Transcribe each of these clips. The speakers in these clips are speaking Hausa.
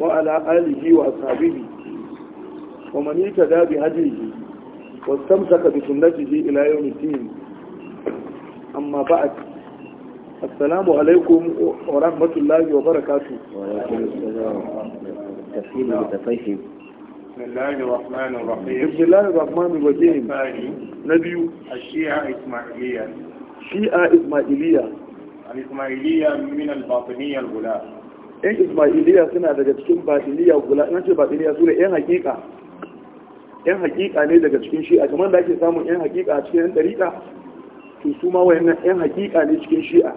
وعلى آله وأصحابه ومن اهتدى بهديه واستمسك بسنته إلى يوم الدين أما بعد السلام عليكم ورحمة الله وبركاته وعليكم السلام تفهيم متفهم بسم الله الرحمن الرحيم بسم الله الرحمن الرحيم نبي الشيعة إسماعيلية شيعة إسماعيلية الإسماعيلية من الباطنية الغلاة yan ismailiya suna daga cikin batiniya kula yan ce batiniya su ne yan hakika yan hakika ne daga cikin shi'a kamar da ake samun yan hakika a cikin ɗariƙa? dariƙa to su ma wayannan yan hakika ne cikin shi'a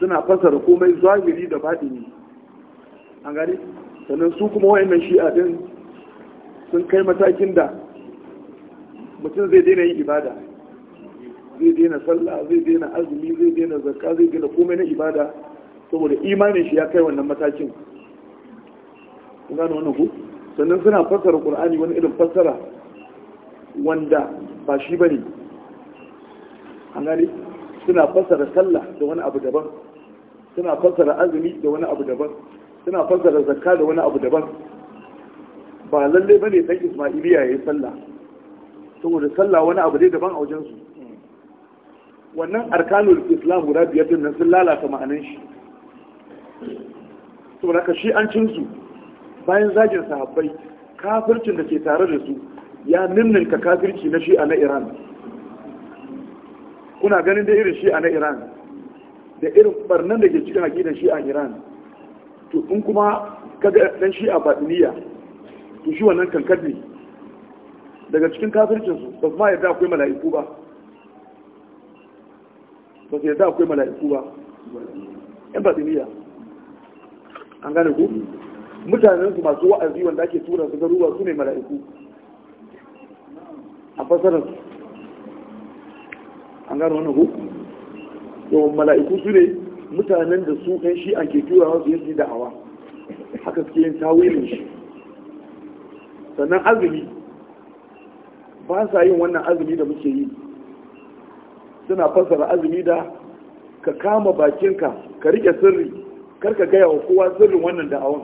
suna fasara komai zahiri da batini an gani sannan su kuma wayannan shi'a din sun kai matakin da mutum zai daina yin ibada zai daina sallah zai daina azumi zai daina zakka zai daina komai na ibada saboda imanin shi ya kai wannan matakin gano wannan ku sannan suna fassara ƙul'ani wani irin fassara wanda ba shi ba ne. an gane suna fassara sallah da wani abu daban suna fassara azumi da wani abu daban suna fassara zakka da wani abu daban ba lalle ne ɗan Isma'iliya yi sallah saboda sallah wani abu dai daban a wajen su wannan arkanul islam guda biyar din nan sun lalata ma'anan shi saboda haka shi an cin su bayan zagin sahabbai kafircin da ke tare da su ya ninninka kafirci na shi'a na iran kuna ganin da irin shi'a na iran da irin barnan da ke cikin aƙidar shi'a iran to in kuma kaga dan shi'a batiniya to shi wannan kankan ne daga cikin kafircinsu ba su ma yadda akwai mala'iku ba ba su yadda akwai mala'iku ba yan batiniya an gane ku mutanen su masu wa'azi wanda ake tura su garuwa su ne mala'iku a fasarar su an gane wannan ku to mala'iku su ne mutanen da su kan shi an ke tura wasu yin da'awa haka suke yin tawilin shi sannan azumi ba sa yin wannan azumi da muke yi suna fassara azumi da ka kama bakinka ka rike sirri karka gaya wa kowa sirrin wannan da'awan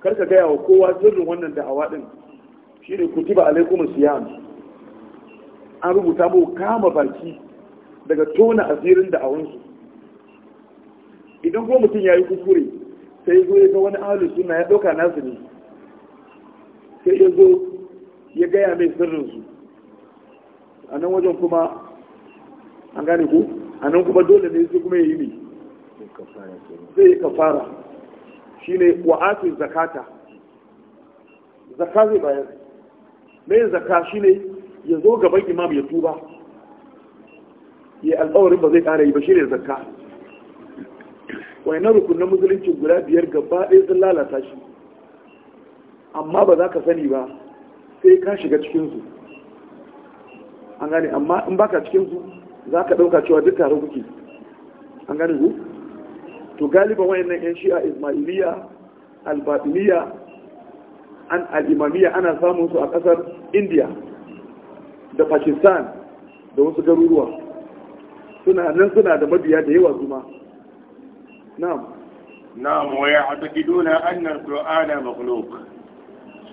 karka gaya wa kowa sirrin wannan da'awa din shine kutiba alaikum siyam an rubuta mu kama baki daga tona asirin da'awansu idan ko mutum ya yi kuskure sai zo ya ga wani ahalin suna ya ɗauka nasu ne sai ya zo ya gaya mai sirrinsu a nan wajen kuma an gane ku a nan kuma dole ne su kuma ya yi ne zai yi kafara shi ne ake zakata zaka zai bayar yin zaka shi ne ya zo gaban imam ya tuba ya alkawarin ba zai ƙara yi ba shi ne zaka wainan rukunan musulunci guda biyar gaba ɗaya sun lalata shi amma ba za ka sani ba sai ka shiga cikinsu an gane amma in baka cikinsu za ka ɗauka cewa duk tare kuke an gane ku to galiba, wayannan yan shi'a ismailiya albatiniya an al'imamiya ana samun su a kasar india da pakistan da wasu garuruwa suna nan suna da mabiya da yawa kuma na'am na'am wa ya'taqiduna anna al-qur'ana makhluq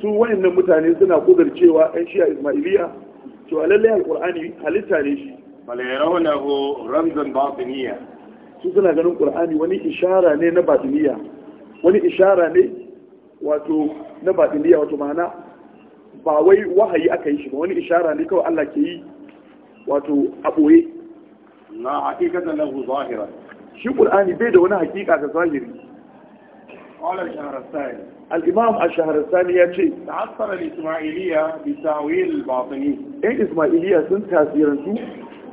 su wayannan mutane suna cewa yan shi'a ismailiya to lalle al-qur'ani halitta ne shi bal yarawnahu ramzan batiniya su suna ganin ƙur'ani wani ishara ne na batiniya wani ishara ne wato na batiniya wato ma'ana ba wai wahayi aka yi shi ba wani ishara ne kawai Allah ke yi wato a ɓoye na haƙiƙatan lahu zahira shi ƙur'ani bai da wani haƙiƙa ga zahiri ya ce الشهر الثاني isma'iliya تعثر الإسماعيلية batini Yan isma'iliya sun tasirantu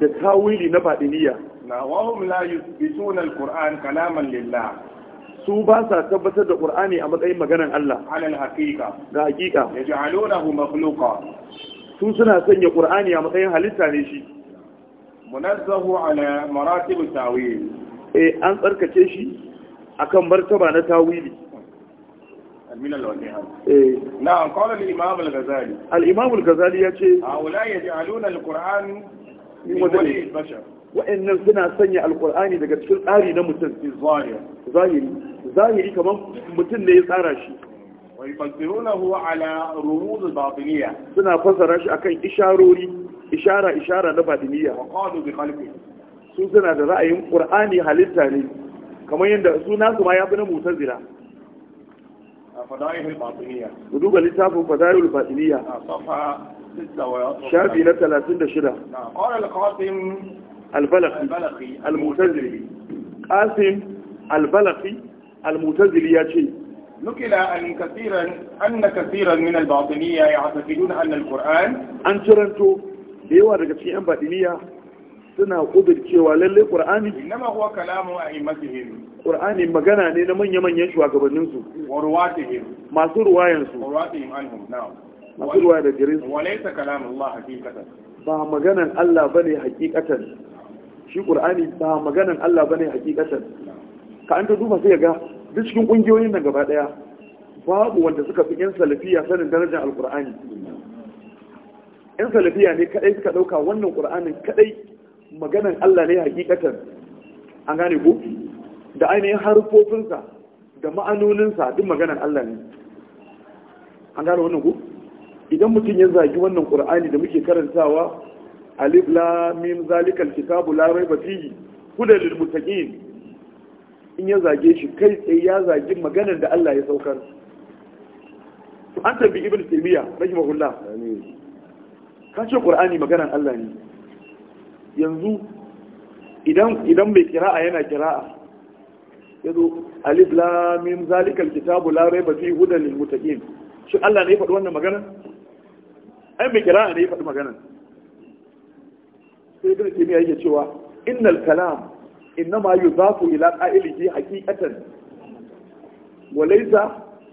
da tawili na batiniya na wahum la yusbituna alquran kalaman lillah su ba sa tabbatar da qur'ani a matsayin maganan Allah alal haqiqa ga haqiqa yaj'alunahu makhluqa su suna sanya qur'ani a matsayin halitta ne shi munazzahu ala maratib tawil eh an tsarkake shi akan martaba na tawili من الوجهات إيه. نعم قال الإمام الغزالي الإمام الغزالي يقول هؤلاء يجعلون القرآن من ولي البشر وإن سنة سنة القرآن لقد في القرآن نمتن في الظاهر ظاهر ظاهر إيه كمان متن ليسارة شيء ويفسرونه على رموز الباطنية سنة فسر شيء أكي إشاروري إشارة إشارة نباطنية وقالوا بخلقه سنة رأي القرآن حليل تالي كما يند سنة ما يبنى متزرة فضائح الباطنية ودوب الإتاف فضائح الباطنية آه، صفحة ستة 36 شرح نعم. قال القاسم albalaki almutazili qasim albalaki almutazili ya ce أن كثيرا أن كثيرا من الباطنية يعتقدون أن القرآن أن ترنتو ليوا daga cikin baɗiniya suna kudur cewa lalle Qur'ani innama magana ne na manya manyan shugabannin su masu ruwayan su masu ruwaya da gare su walaysa kalamullah hakikatan ba maganan Allah bane hakikatan shi ƙur'ani ba maganan Allah bane hakikatan ka an ta duba sai ga duk cikin ƙungiyoyin nan gaba ɗaya babu wanda suka fi yan salafiya sanin darajar alƙur'ani yan salafiya ne kadai suka ɗauka wannan ƙur'anin kaɗai maganan Allah ne hakikatan an gane ko da ainihin harufofinsa da ma'anoninsa duk maganan Allah ne an gane wannan ko idan mutum ya zagi wannan ƙur'ani da muke karantawa alif la Zalikal, Kitabu alkitabu la raiba fihi hudan lil muttaqin in ya zage shi kai tsaye ya zagi maganar da Allah ya saukar to an tabbi ibnu taymiya rahimahullah ka ce qur'ani maganar Allah ne yanzu idan idan mai kira'a yana kira'a yazo alif la Zalikal, Kitabu alkitabu la raiba fihi hudan lil muttaqin shi Allah ne ya faɗi wannan maganar? ai mai kira'a ne ya faɗi maganar sai ibn taymiya yake cewa innal kalam innama yudafu ila qa'ilihi haqiqatan wa laysa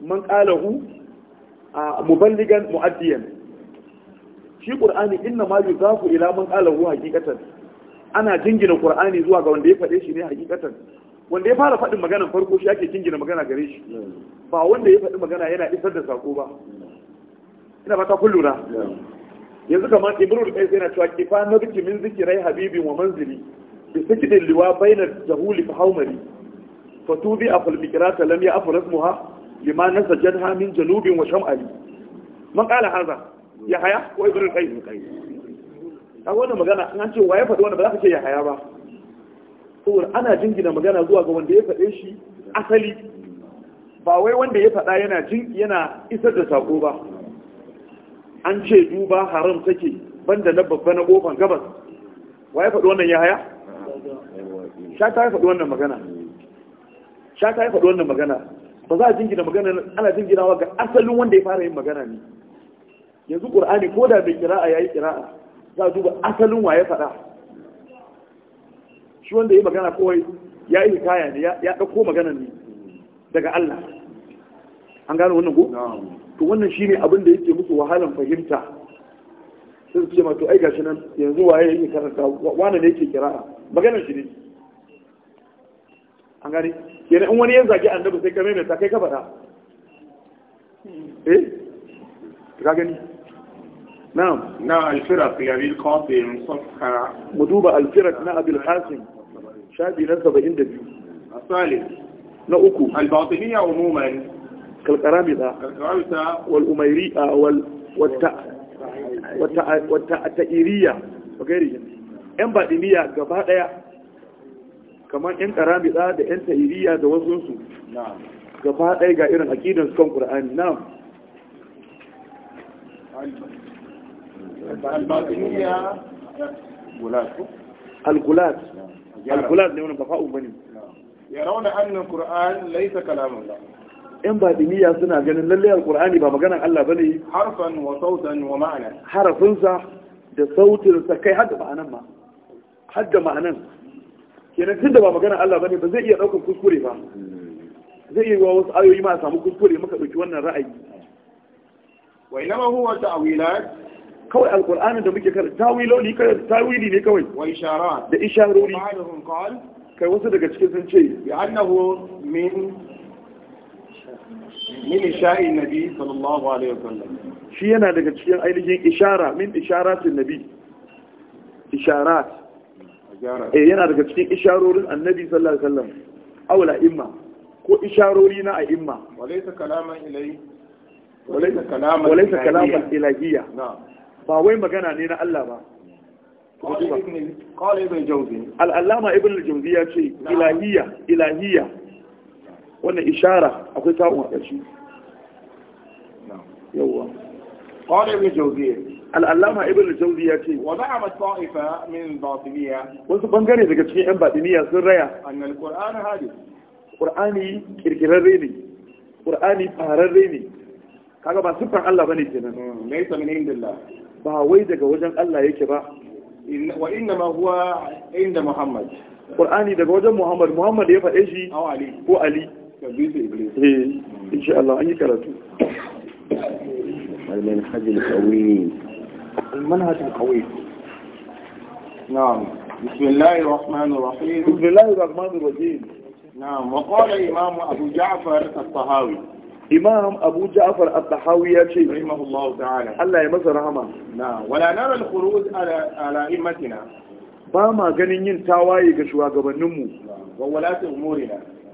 man qalahu muballigan muaddiyan shi qur'ani innama yuzafu ila man qalahu haqiqatan ana jingina qur'ani zuwa ga wanda ya fade shi ne haqiqatan wanda ya fara faɗin maganar farko shi ake jingina magana gare shi ba wanda ya faɗi magana yana isar da sako ba ina ba ta kullura yanzu kamar ibrul al-qais yana cewa kifa na biki min zikirai habibi wa manzili bi sikidin liwa bainar jahuli fa haumari fa tudi afal mikrata lam ya afal rasmuha lima nasajadha min janubin wa shamali man qala hadha ya haya ko ibrul kai a wannan magana an ce waye faɗi wanda ba za ka ce ya haya ba saboda ana jingina magana zuwa ga wanda ya faɗe shi asali ba wai wanda ya faɗa yana jin yana isar da sako ba an ce duba haram take banda na babba na kofan gabas waye faɗi wannan ya haya shata ya faɗi wannan magana shata ya faɗi wannan magana ba za a jingina magana ana jinginawa ga asalin wanda ya fara yin magana ne yanzu qur'ani ko da bai kira'a yayi kira'a za a duba asalin waye faɗa shi wanda ya magana kawai ya yi kaya ne ya ɗauko magana ne daga Allah an gano wannan ko to wannan ne abin da yake musu wahalan fahimta sai su ce ma to ai gashi nan yanzu waye yake karanta wani ne yake kira'a maganar shi ne an gani yana in wani ya zagi annabi sai ka maimaita kai ka faɗa eh ka gani نعم نعم الفرق يعني القاطع صفحة مدوبة الفرق نعم أبي الحاسم شابي نسبة عند الثالث نأكو الباطنية عموما kalkaramita wal'umairi wata'iriya bagari yan baɗiniya gaba ɗaya kamar yan karamita da yan ta'iriya da wasunsu gaba ɗaya ga irin aƙidansu kan ƙura'ani na al-gulat ne wani bafa'u bane yarawna yan badiniya suna ganin lallai alkur'ani ba maganan Allah bane harfan wa sautan wa ma'ana harafinsa da sautinsa kai har da ma'anan ma har da ma'anan kenan tunda ba maganan Allah ba ne ba zai iya ɗaukar kuskure ba zai iya wasu ayoyi ma a samu kuskure muka dauki wannan ra'ayi wa inama huwa ta'wilat kawai alkur'anin da muke karanta tawiloli tawili ne kawai wa isharat da isharori kai wasu daga cikin sun ce ya annahu min min isha'i nabi sallallahu alaihi wasallam shi yana daga cikin ainihin ishara min isharatin nabi isharat eh yana daga cikin isharorin annabi sallallahu alaihi wasallam awla imma ko isharori na a'imma walaysa kalaman ilai walaysa kalaman walaysa kalaman ilahiyya ba wai magana ne na Allah ba قال ابن الجوزي العلامة ابن الجوزي يقول إلهية إلهية wannan ishara akwai ta'un a ƙarshe yawwa قال ابن جوزي العلامة ابن الجوزي يأتي وزعم الطائفة من الباطنية وسبنغري daga cikin yan batiniya sun raya an alquran hadis qur'ani kirkirarre ne qur'ani fararre ne kaga ba sifan Allah bane kenan hmm, laysa min indillah ba wai daga wajen Allah yake ba wa inna ma huwa inda muhammad qur'ani daga wajen muhammad muhammad ya faɗe shi ko ali إيه، إن شاء الله an yi المنهج القوي المنهج القوي نعم بسم الله الرحمن الرحيم بسم الله الرحمن الرحيم نعم وقال إمام أبو جعفر الطهاوي إمام أبو جعفر الطحاوي يأتي رحمه الله تعالى الله يمسر رحمه نعم ولا نرى الخروج على على إمتنا ba ma ganin yin tawaye ga shugabanninmu wa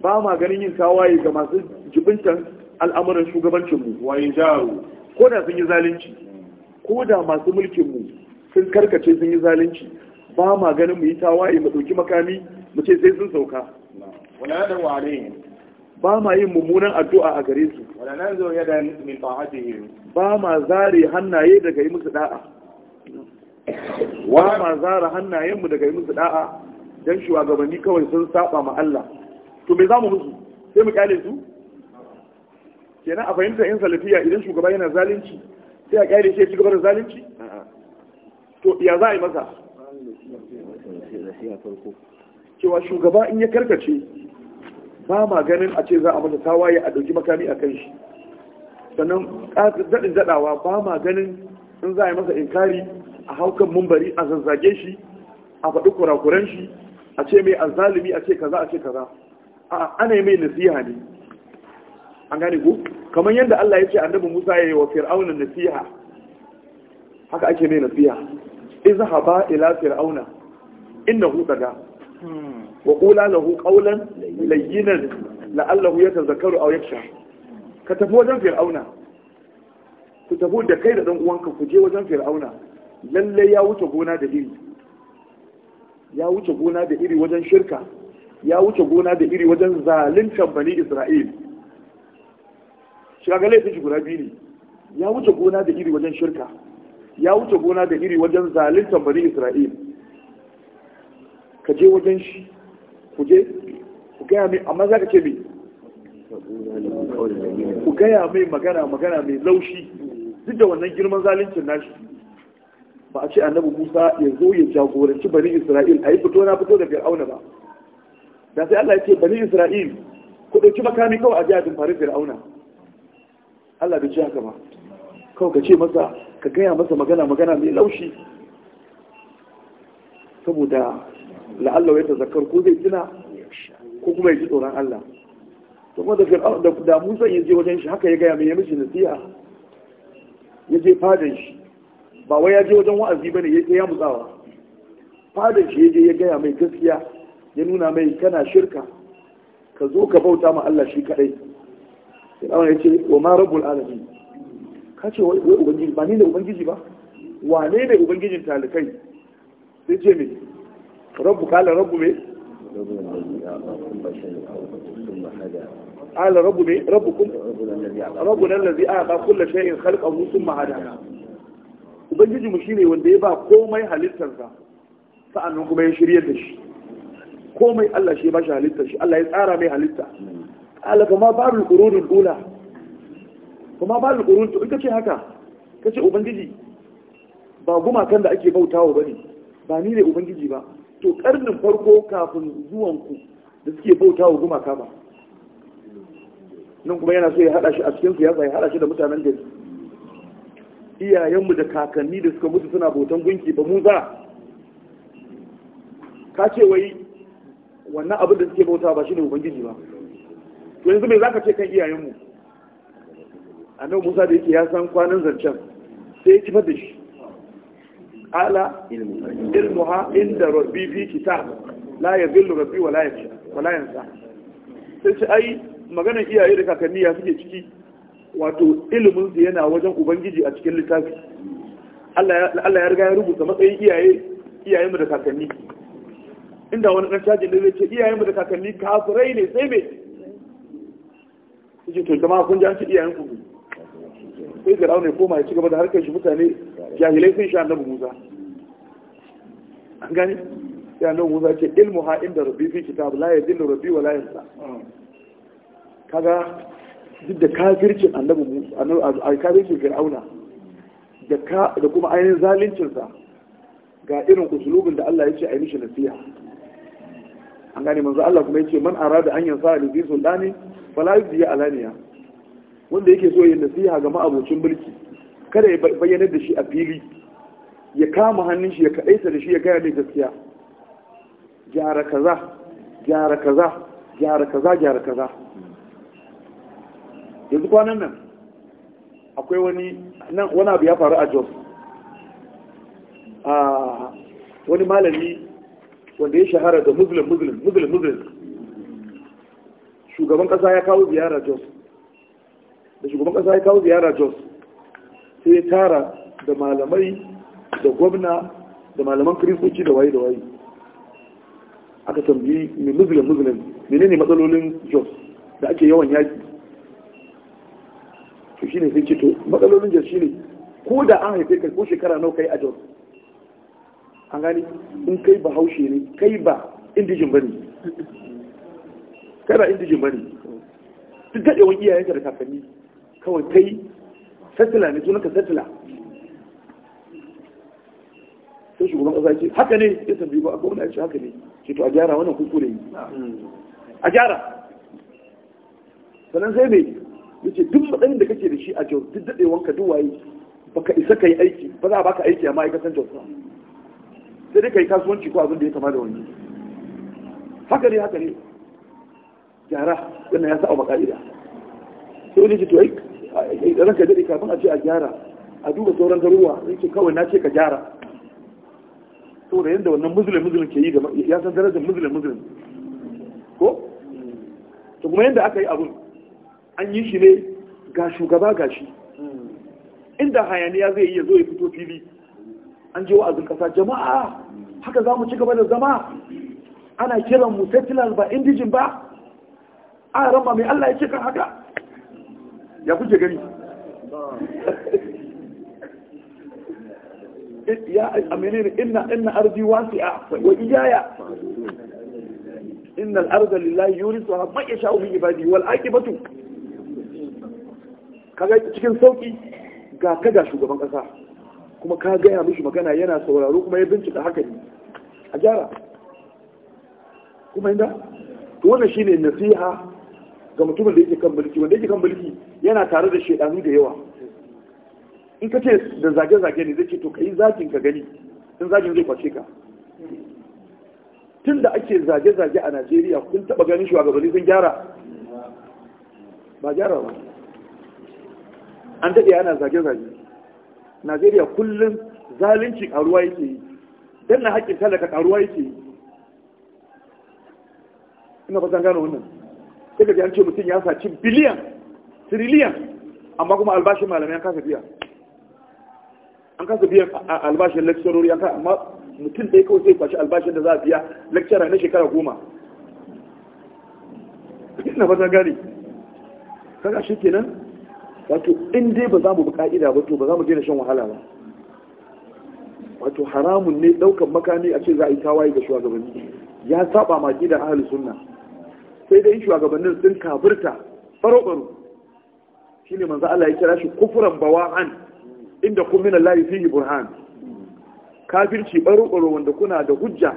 ba ma ganin yin tawaye ga masu jibintan al'amuran shugabancinmu waye jaru ko da sun yi zalunci ko da masu mulkinmu sun karkace sun yi zalunci ba ma ganin mu yi tawaye mu ɗauki makami mu ce sai sun sauka wala da ware ba ma yin mummunan addu'a a gare su wala nan zo min ta'atihi ba ma zare hannaye daga yi musu da'a wa ma zare hannayenmu daga yi musu da'a dan shugabanni kawai sun saba ma Allah to me za mu musu sai mu kyale su kenan a fahimta yan salafiya idan shugaba yana zalunci sai a kyale shi shugaba da zalunci to ya za a yi masa cewa shugaba in ya karkace ba ma ganin a ce za a masa tawaye a dauki makami a kan shi sannan daɗin daɗawa ba ma ganin in za a yi masa inkari a haukan mumbari a zazzage shi a faɗi kurakuran shi a ce mai azalimi a ce kaza a ce kaza ana yi mai nasiha ne an gane ku kamar yadda Allah ya ce annabi Musa ya yi wa fir'auna nasiha haka ake mai nasiha izhaba ila fir'auna innahu daga wa qula lahu qawlan layyinan la'allahu yatazakkaru aw yakhsha ka tafi wajen fir'auna ku tafi da kai da dan uwanka ku je wajen fir'auna lalle ya wuce gona da iri ya wuce gona da iri wajen shirka ya wuce gona da iri wajen zaluncan bani isra'il shiga laifin shi guda biyu ne ya wuce gona da iri wajen shirka ya wuce gona da iri wajen zaluncan bani isra'il ka je wajen shi ku je ku gaya mai amma za ka ce mai ku gaya mai magana magana mai laushi duk da wannan girman zaluncin nashi ba a ce annabi musa ya zo ya jagoranci bani isra'il a yi fito na fito da fir'auna ba da sai Allah ya ce bani Isra'il ku ɗauki makami kawai a jihadin farin Fir'auna Allah bai ji haka ba kawai ka ce masa ka gaya masa magana magana mai laushi saboda la'allahu ya tazakkar ko zai tuna ko kuma ya ji tsoron Allah to kuma da da Musa ya je wajen shi haka ya gaya mai ya mishi nasiha ya je fadan shi ba wai ya je wajen wa'azi bane ya ya mutsawa fadan shi ya je ya gaya mai gaskiya ya nuna mai kana shirka ka zo ka bauta ma Allah shi kadai fir'auna ya ce wa ma rabbul alamin ka ce wai ubangiji ba ni ne ubangiji ba wane ne ubangijin talikai sai ce me rabbu kala rabbu me ala rabbu me rabbu kun rabbu nan lazi a ba kullu shay'in khalqahu thumma hada ubangiji mu shine wanda ya ba komai halittarsa sa'annan kuma ya shiryar da shi komai Allah shi ya bashi halitta shi Allah ya tsara mai halitta Allah kuma babu qurunul ula kuma babu qurun to ita ce haka kace ubangiji ba gumakan da ake bautawa bane ba ni ne ubangiji ba to karnin farko kafin zuwan ku da suke bautawa gumaka ba nan kuma yana so ya hada shi a cikin siyasa ya hada shi da mutanen gari iyayenmu da kakanni da suka mutu suna bautan gunki ba mu za ka ce wai wannan abin da suke bauta ba shi ne ubangiji ba to yanzu me zaka ce kan iyayenmu annabi Musa da yake ya san kwanan zancen sai ya kifar da shi ala ilmuha inda rabbi fi kitab la yadhillu rabbi wa la yafsha wa la yansa sai ce ai maganar iyaye da kakanni ya suke ciki wato ilimin su yana wajen ubangiji a cikin littafi Allah ya riga ya rubuta matsayin iyaye iyayenmu da kakanni inda wani ɗan caji ne zai ce iyayenmu da kakanni kafirai ne sai me cikin to jama'a kun ji an ci iyayen ku sai ga raunin koma ya ci gaba da harkar shi mutane jahilai sun sha annabi musa an gani sai annabi musa ce ilmu ha inda rabbi fi kitab la yadillu rabbi wa la yansa kaga duk da kafircin annabi musa annabi kafircin fir'auna da kuma ainihin zaluncinsa ga irin usulubin da Allah ya ce a yi mishi nasiha an gane manzo Allah kuma yake man arada an yansa li bi sultani fala yudi alaniya wanda yake so ya nasiha ga ma'abocin mulki kada ya bayyana da shi a fili ya kama hannun shi ya kadaita da shi ya gaya mai gaskiya gyara kaza gyara kaza gyara kaza gyara kaza yanzu kwanan nan akwai wani wani abu ya faru a Jos a ah, wani malami wanda ya shahara da muslim muslim muslim muslim shugaban kasa ya kawo ziyara jos da shugaban kasa ya kawo ziyara jos sai ya tara da malamai da gwamna da malaman kristoci da waye da waye aka tambayi mai muslim muslim menene matsalolin jos da ake yawan yaki to shine sai ce to matsalolin jos shine ko da an haife ka ko shekara nau kai a jos an gani in kai ba haushe ne kai ba indijin bane kai ba indijin bane duk daɗewan iyayenka da kakanni kawai kai sattila ne ka sattila sai shugaban ƙasa ce haka ne ya tambayi ba a gwamna ya ce haka ne ce to a gyara wannan kukure yi, a gyara sannan sai mai ya ce duk matsayin da kake da shi a jau duk daɗewanka duk waye baka isa ka yi aiki ba za a baka aiki amma a ma'aikatan jau sai dai ka yi kasuwanci ko abin da ya kama da wani haka ne haka ne gyara wannan ya saba ka'ida sai wani ce to ai ran ka dade kafin a ce a gyara a duba sauran garuwa sai ce kawai na ce ka gyara saboda yadda wannan musulun musulun ke yi da ya san darajar musulun musulun ko to kuma yadda aka yi abun an yi shi ne ga shugaba ga shi inda hayaniya zai yi ya zo ya fito fili an je wa'azin kasa jama'a haka za mu ci gaba da zama ana kiran mu settlers ba indijin ba a ramba mai Allah ya ce kan haka ya kuje gani ya aminin inna inna ardi wasi'a wa iyaya inna al-arda lillahi yurithuha man yasha'u min ibadihi wal aqibatu kaga cikin sauki ga kaga shugaban kasa kuma ka gaya mishi magana yana sauraro kuma ya bincika haka ne a gyara kuma inda to wannan shine nasiha ga mutumin da yake kan mulki wanda yake kan mulki yana tare da shedanu da yawa in ka ce da zage-zage ne zai ce to ka yi zagin ka gani in zagin zai kwace ka tun da ake zage-zage a najeriya kun taba ganin wa sun gyara ba gyara ba an daɗe ana zage-zage najeriya kullum zalunci karuwa yake yi danna haƙƙin talaka karuwa yake yi ina ba zan gano wannan sai ga ji ce mutum ya saci biliyan triliyan amma kuma albashin malamai an kasa biya an kasa biyan albashin lecturer an kasa amma mutum ɗaya kawai sai kwashi albashin da za a biya lecturer na shekara goma ina ba zan gane kaga shi kenan wato in dai ba za mu bi ka'ida ba to ba za mu daina shan wahala ba wato haramun ne daukan makami a ce za a yi tawaye ga shugabanni ya saba ma da ahli sunna sai dai shugabannin sun kafirta baro-baro shine manzo Allah ya kira shi kufran bawa'an inda kun min Allah fihi burhan kafirci baro-baro wanda kuna da hujja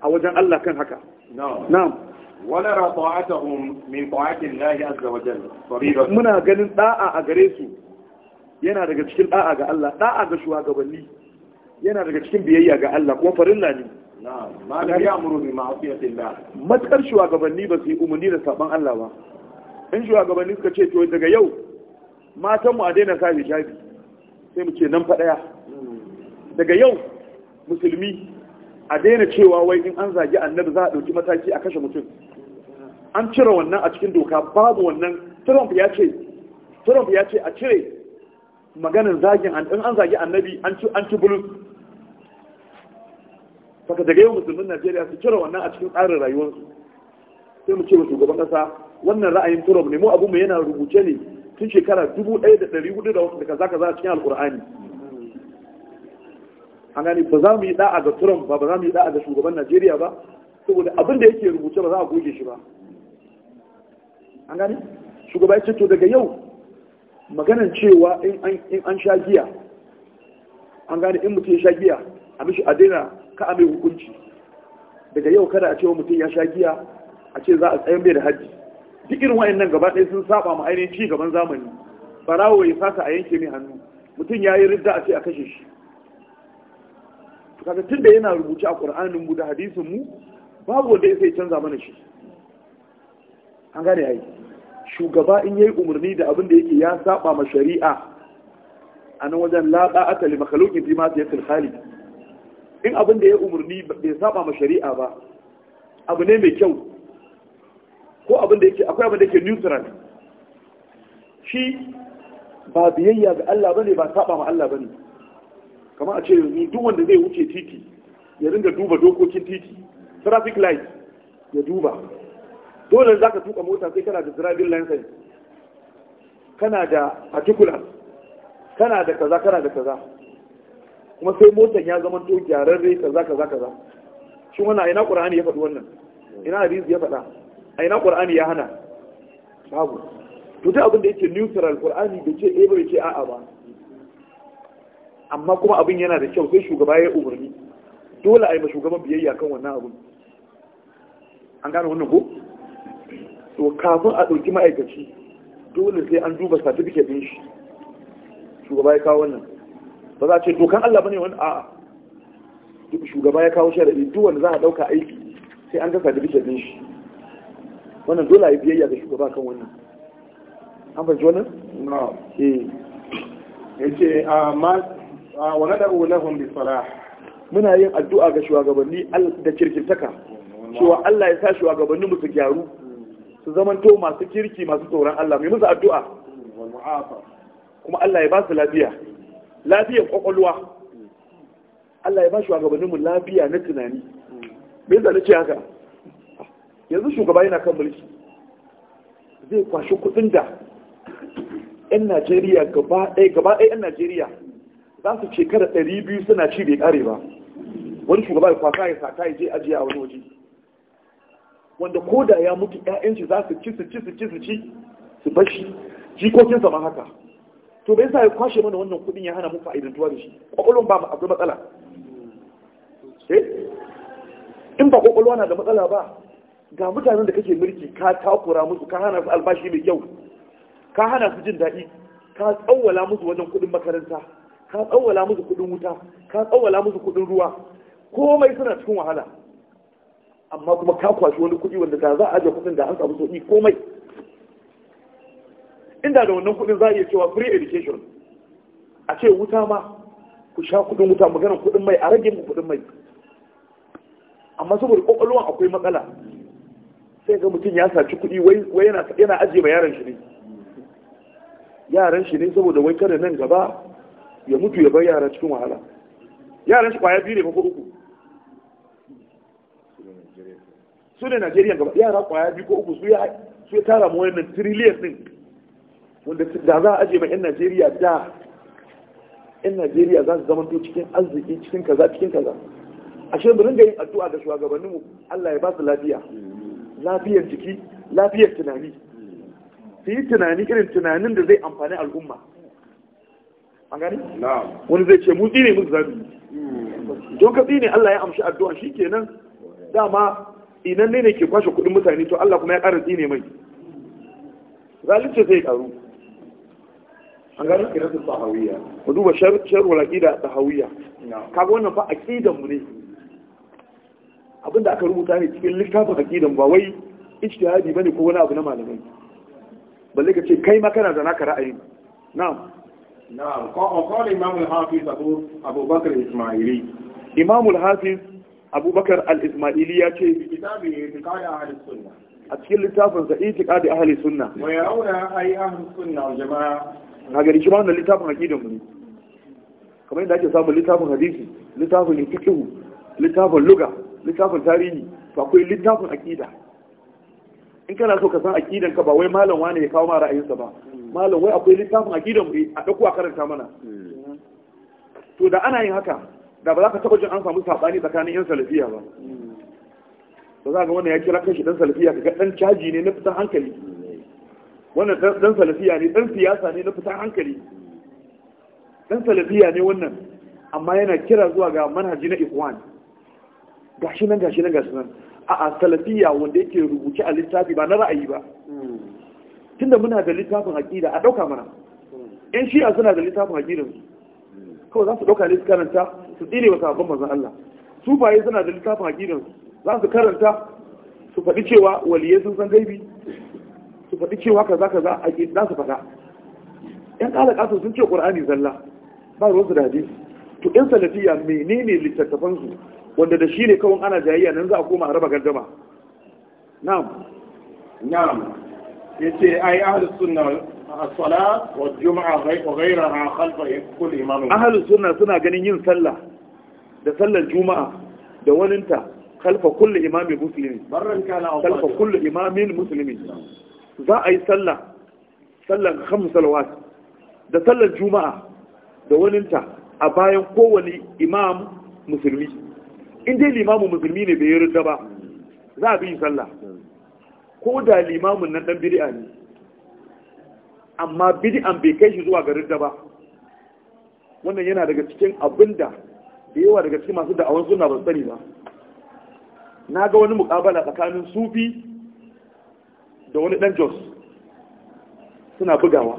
a wajen Allah kan haka na'am ونرى طاعتهم من طاعة الله عز وجل فريضة منا غنين داعا غريسو yana daga cikin da'a ga Allah da'a ga shugabanni yana daga cikin biyayya ga Allah kuma farilla ne na'am ma la ya'muru bi ma'siyatillah matkar shugabanni ba su umuni umarni da saban Allah ba in shugabanni suka ce to daga yau matan mu a daina sa hijabi sai mu ce nan fa daya hmm. daga yau musulmi a daina cewa wai in an zagi annabi za a dauki mataki a kashe mutum an cire wannan a cikin doka babu wannan trump ya ce trump ya ce a cire maganin zagin in an zagi annabi an ci bulus saka daga yau musulmin najeriya su cire wannan a cikin tsarin rayuwarsu sai mu ce wa shugaban kasa wannan ra'ayin trump ne mu abu mai yana rubuce ne tun shekara dubu ɗaya da ɗari hudu da wasu da kaza kaza a cikin alkur'ani an gani ba za mu yi da'a ga trump ba ba za mu yi da'a ga shugaban najeriya ba saboda abin da yake rubuce ba za a goge shi ba an gani shugaba ya ce to daga yau maganan cewa in an sha giya an gani in mutum ya sha giya a mishi a daina ka a mai hukunci daga yau kada a cewa mutum ya sha giya a ce za a tsayan mai da hajji duk irin nan gaba ɗaya sun saba ma ainihin ci gaban zamani barawo ya fasa a yanke mai hannu mutum ya yi ridda a ce a kashe shi kaga tun da yana rubuce a ƙur'anin mu da hadisin mu babu wanda ya sai canza mana shi an gane yi. shugaba in yayi umarni da abin da yake ya saba ma shari'a a nan wajen laɗa a li makhluqin fi ma sayatul khaliq in abin da ya umarni bai saba ma shari'a ba abu ne mai kyau ko abin da yake akwai abin da yake neutral shi ba biyayya ga Allah bane ba saba ma Allah bane kamar a ce yanzu duk wanda zai wuce titi ya ringa duba dokokin titi traffic light ya duba dole za ka tuka mota sai kana da driving license kana da particular kana da kaza kana da kaza kuma sai motan ya zama to rai kaza kaza kaza shi wannan ina qur'ani ya faɗi wannan ina hadis ya faɗa a ina qur'ani ya hana babu to duk abin da yake neutral qur'ani da ce eh bai ce a'a ba amma kuma abin yana da kyau sai shugaba ya umarni dole a yi ma shugaban biyayya kan wannan abun. an gane wannan ko to kafin a ɗauki ma'aikaci dole sai an duba certificate din shi shugaba ya kawo wannan ba za a ce dokan Allah bane wani a'a duk shugaba ya kawo shari'i duk wanda za a ɗauka aiki sai an ga certificate din shi wannan dole a yi biyayya ga shugaba kan wannan an fahimci wannan na eh yace amma ah, ah, wa nad'u lahum bi salah muna yin addu'a ga shugabanni da kirkintaka cewa Allah ya sa shugabanni mu su gyaru su to masu kirki masu tsoron Allah mai musu addu'a kuma Allah ya ba su lafiya lafiyar kwakwalwa Allah ya ba mu lafiya na tunani me yasa nace haka yanzu shugaba yana kan mulki zai kwashi kudin da 'yan Najeriya gaba ɗaya gaba ɗaya 'yan Najeriya za su shekara 200 suna ci bai kare ba wani shugaba ya kwasa ya sata ya je ajiya a wani waje wanda ko da ya mutu ƴaƴan za su ci su ci su ci su ci su bashi jikokinsa ma haka to bai sa ya kwashe mana wannan kuɗin ya hana mu fa'idantuwa da shi kwakwalwan ba akwai matsala eh in ba kwakwalwa na da matsala ba ga mutanen da kake mulki ka takura musu ka hana su albashi mai kyau ka hana su jin daɗi ka tsawwala musu wajen kuɗin makaranta ka tsawwala musu kuɗin wuta ka tsawwala musu kuɗin ruwa komai suna cikin wahala amma kuma ka kwashi wani kuɗi wanda da za a ajiye kuɗin da an samu sauƙi komai inda da wannan kuɗin za a iya cewa free education a ce wuta ma ku sha kuɗin wuta maganar kuɗin mai a rage mu kuɗin mai amma saboda ƙwaƙwalwan akwai matsala sai ga mutum ya saci kuɗi wai yana ajiye ma yaran shi ne yaran shi ne saboda wai kada nan gaba ya mutu ya bar yaran cikin wahala yaran shi kwaya biyu ne ko uku su ne najeriya gaba yara kwaya biyu ko uku su ya tara mu wannan trillion din wanda da za a aje mai yan najeriya da yan najeriya za su zama to cikin arziki cikin kaza cikin kaza shi mu ringa yin addu'a ga shugabannin mu Allah ya ba su lafiya lafiyar jiki lafiyar tunani su yi tunani irin tunanin da zai amfani al'umma an gani wani zai ce mu tsine mu zabi don ka tsine Allah ya amshi addu'a shikenan dama idan ne ke kwashe kudin mutane to Allah kuma ya ƙara tsine mai zalunci sai ƙaru an gani kiratun tahawiyya mu duba sharwar aqida tahawiyya kaga wannan fa aqidan mu ne abinda aka rubuta ne cikin littafin aqidan ba wai ijtihadi bane ko wani abu na malamai balle ka ce kai ma kana da naka ra'ayi na'am na'am qala imam al-hafiz abu bakr ismaili imam al-hafiz abubakar al-ismaili ya ce a cikin littafin sa itiqa da ahli sunna wa yarawna ay ahli sunna wal jamaa na gari shi wannan littafin aqidan mu ne kamar yadda ake samun littafin hadisi littafin fiqh littafin luga littafin tarihi to akwai littafin aqida in kana so ka san aqidan ka ba wai malam wane ya kawo ma ra'ayinsa ba malam wai akwai littafin aqidan mu a dauko a karanta mana hmm. to da ana yin haka da ba za ka taɓa jin an samu saɓani tsakanin 'yan salafiya ba ba za ga wannan ya kira kashi dan salafiya ka dan caji ne na fitan hankali wannan dan salafiya ne dan siyasa ne na fitan hankali dan salafiya ne wannan amma yana kira zuwa ga manhaji na ikwan gashi nan gashi nan gashi nan a a salafiya wanda yake rubuce a littafi ba na ra'ayi ba tunda muna da littafin aqida a dauka mana yan shi'a suna da littafin aqidansu kawai za su dauka ne su karanta su dire wasu abin mazan Allah Su baye suna da littafin aqidan za su karanta su faɗi cewa waliye sun san gaibi su faɗi cewa kaza kaza a za su faɗa yan ƙasa sun ce ƙur'ani zalla ba su da hadisi to yan salafiya menene littattafansu wanda da shi ne kawai ana jayayya nan za a koma a raba gardama na'am na'am yace ai ahlus sunna as-salat wa jumaa wa ghayraha khalfa kulli imam ahlus sunna suna ganin yin sallah da sallar juma'a da waninta kalfa kullu imami muslimi kalfa kullu imamin muslimi za a yi sallah sallan khams salawat da sallar juma'a da waninta a bayan kowane imam musulmi in dai limamu musulmi ne bai yarda ba za a bi sallah ko da limamin nan dan bid'a ne amma bid'an bai kai shi zuwa ga ridda ba wannan yana daga cikin abinda da yawa daga cikin masu da'awar suna ba sani ba na ga wani mukabala tsakanin sufi da wani dan jos suna bugawa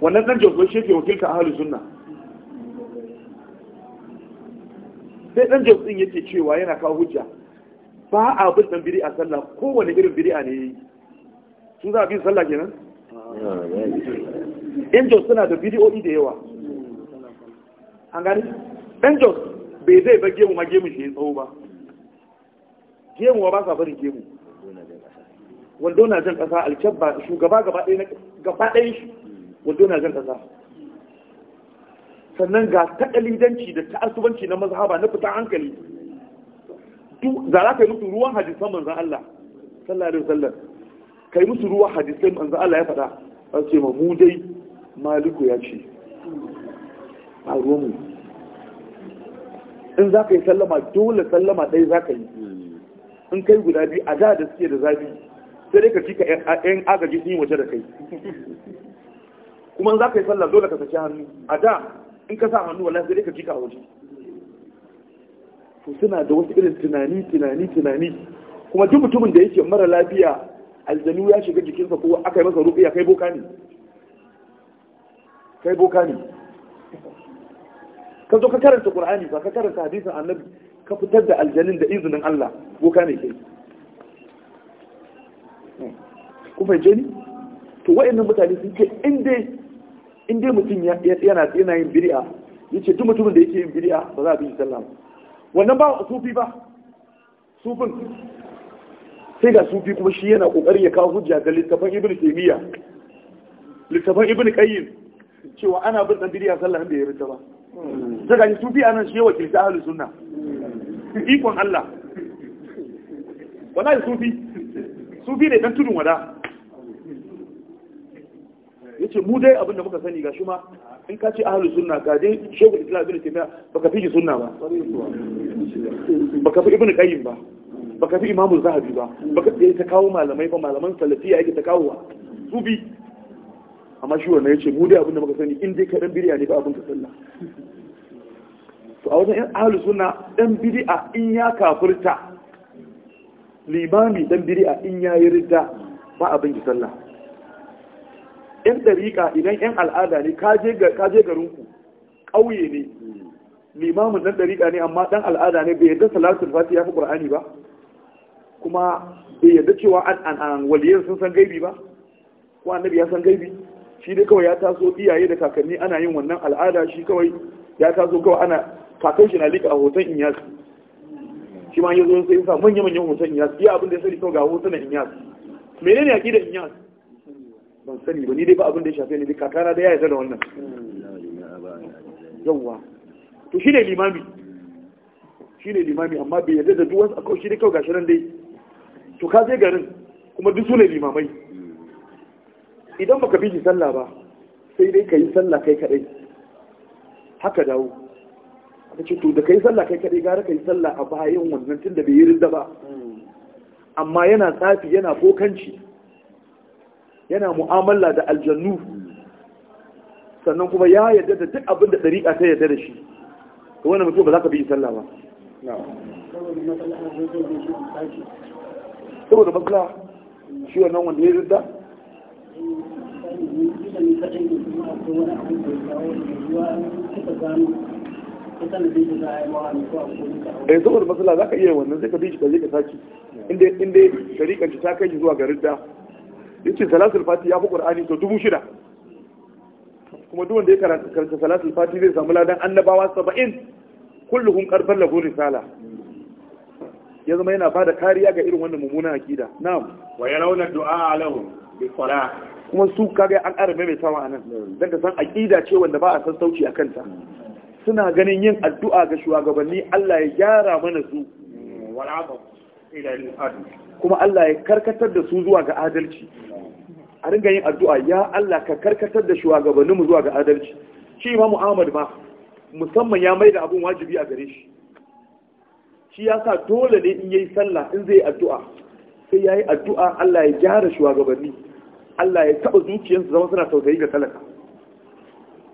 wannan dan jos wani shefe wakilta ahalus suna. sai dan jos din yake cewa yana kawo hujja ba a bin dan biri a sallah kowane irin biri a ne su za a bin sallah kenan Dan ah, jos suna da bidiyoyi da yawa an gani ɗan jos bai zai ba gemu ma gemu shi ya tsawo ba gemu ba sa barin gemu wando na jan ƙasa alkyabba shugaba gaba ɗaya shi wando na jan ƙasa sannan ga taɗalidanci da ta'asubanci na mazhaba na fita hankali za za ka yi musu ruwan hadisan manzan Allah sallallahu alaihi wasallam ka yi musu ruwan hadisan manzan Allah ya faɗa a ce ma mu dai maliku ya ce a mu. in za ka yi sallama dole sallama ɗaya za ka yi in kai guda biyu a da da suke da zafi sai dai ka ci ka yan agaji sun yi waje da kai kuma in za ka yi sallama dole ka saki hannu a da in ka sa hannu wala sai dai ka ci ka waje to suna da wasu irin tunani tunani tunani kuma duk mutumin da yake mara lafiya aljanu ya shiga jikinsa ko aka yi masa rubiya kai boka ne kai boka ne ka zo ka karanta qur'ani ba ka karanta hadisin annabi ka fitar da aljanin da izinin Allah ko ka ne ke. ku fahimce ni to wayannan mutane sun ce in dai in dai mutum yana yana yin bid'a yace duk mutumin da yake yin bid'a ba za a bi sallah wannan ba sufi ba sufin sai ga sufi kuma shi yana kokari ya kawo hujja ga littafin ibn taymiya littafin ibn qayyim cewa ana bin dan biri'a sallah da ya rinta ba sai gaji sufi a nan shi yawa kirta ahalus suna ikon Allah yi sufi sufi ne dan tudun wada ce mu dai abinda muka sani ga shuma in ka ce ahalus suna ga dai shekul islam ke taymiya baka fi suna ba baka fi ibini kayin ba baka fi imamu zahabi ba baka fi ta kawo malamai ba malaman salafiya yake ta kawo sufi amma shi wannan ya ce mu dai abinda muka sani in dai dan biriya ne ba abin ka sallah to a wajen yan ahalu suna ɗan biri'a in ya kafirta limami dan biri'a in ya yi ridda ba abin ka sallah yan dariqa idan yan al'ada ne kaje garinku ƙauye ne limamin dan dariqa ne amma dan al'ada ne bai yadda salatul fatiha ya fi ƙur'ani ba kuma bai yadda cewa an waliyan sun san gaibi ba ko annabi ya san gaibi shi dai kawai ya taso iyaye da kakanni ana yin wannan al'ada shi kawai ya taso kawai ana kakan shi na lika a hoton inyasi shi ma yanzu sai sa manya manyan hoton inyasi ya abin da ya sani kawai ga hotunan inyas menene da inyasi ban sani ba ni dai ba abin da ya shafe ni dai kakana da ya yarda da wannan yawwa to shine limami shine limami amma bai yarda da duwansu a kawai shi dai kawai gashi nan dai to ka je garin kuma duk su ne limamai idan baka bi shi sallah ba sai dai ka yi sallah kai kadai haka dawo aka ce to da ka yi sallah kai kadai gara ka yi sallah a bayan wannan tun da bai yi rinda ba amma yana tsafi yana bokanci yana mu'amala da aljannu sannan kuma ya yarda da duk abin da ɗariƙa ta yarda da shi to wannan mutum ba za ka bi sallah ba saboda matsala shi wannan wanda ya rinda eh saboda matsala za ka iya wannan zai ka bi shi ka zai ka saki inda inda ta kai shi zuwa garin da ce salasul fati ya fi ƙur'ani to dubu shida kuma duk wanda ya karanta salasul fati zai samu ladan annabawa saba'in kullum karfar lahu risala ya zama yana bada kariya ga irin wannan mummunan akida na'am wa yarawna du'a lahum kuma su kaga an arabe mai sama a nan don ka san aƙida ce wanda ba a san sauci a kanta suna ganin yin addu'a ga shugabanni Allah ya gyara mana su kuma Allah ya karkatar da su zuwa ga adalci a ringa yin addu'a ya Allah ka karkatar da shugabanninmu zuwa ga adalci shi ma Muhammad ma musamman ya mai da abin wajibi a gare shi shi ya sa dole ne in yi sallah in zai addu'a sai ya yi addu'a Allah ya gyara shugabanni Allah ya taɓa zuciyarsu zama suna tausayi ga talaka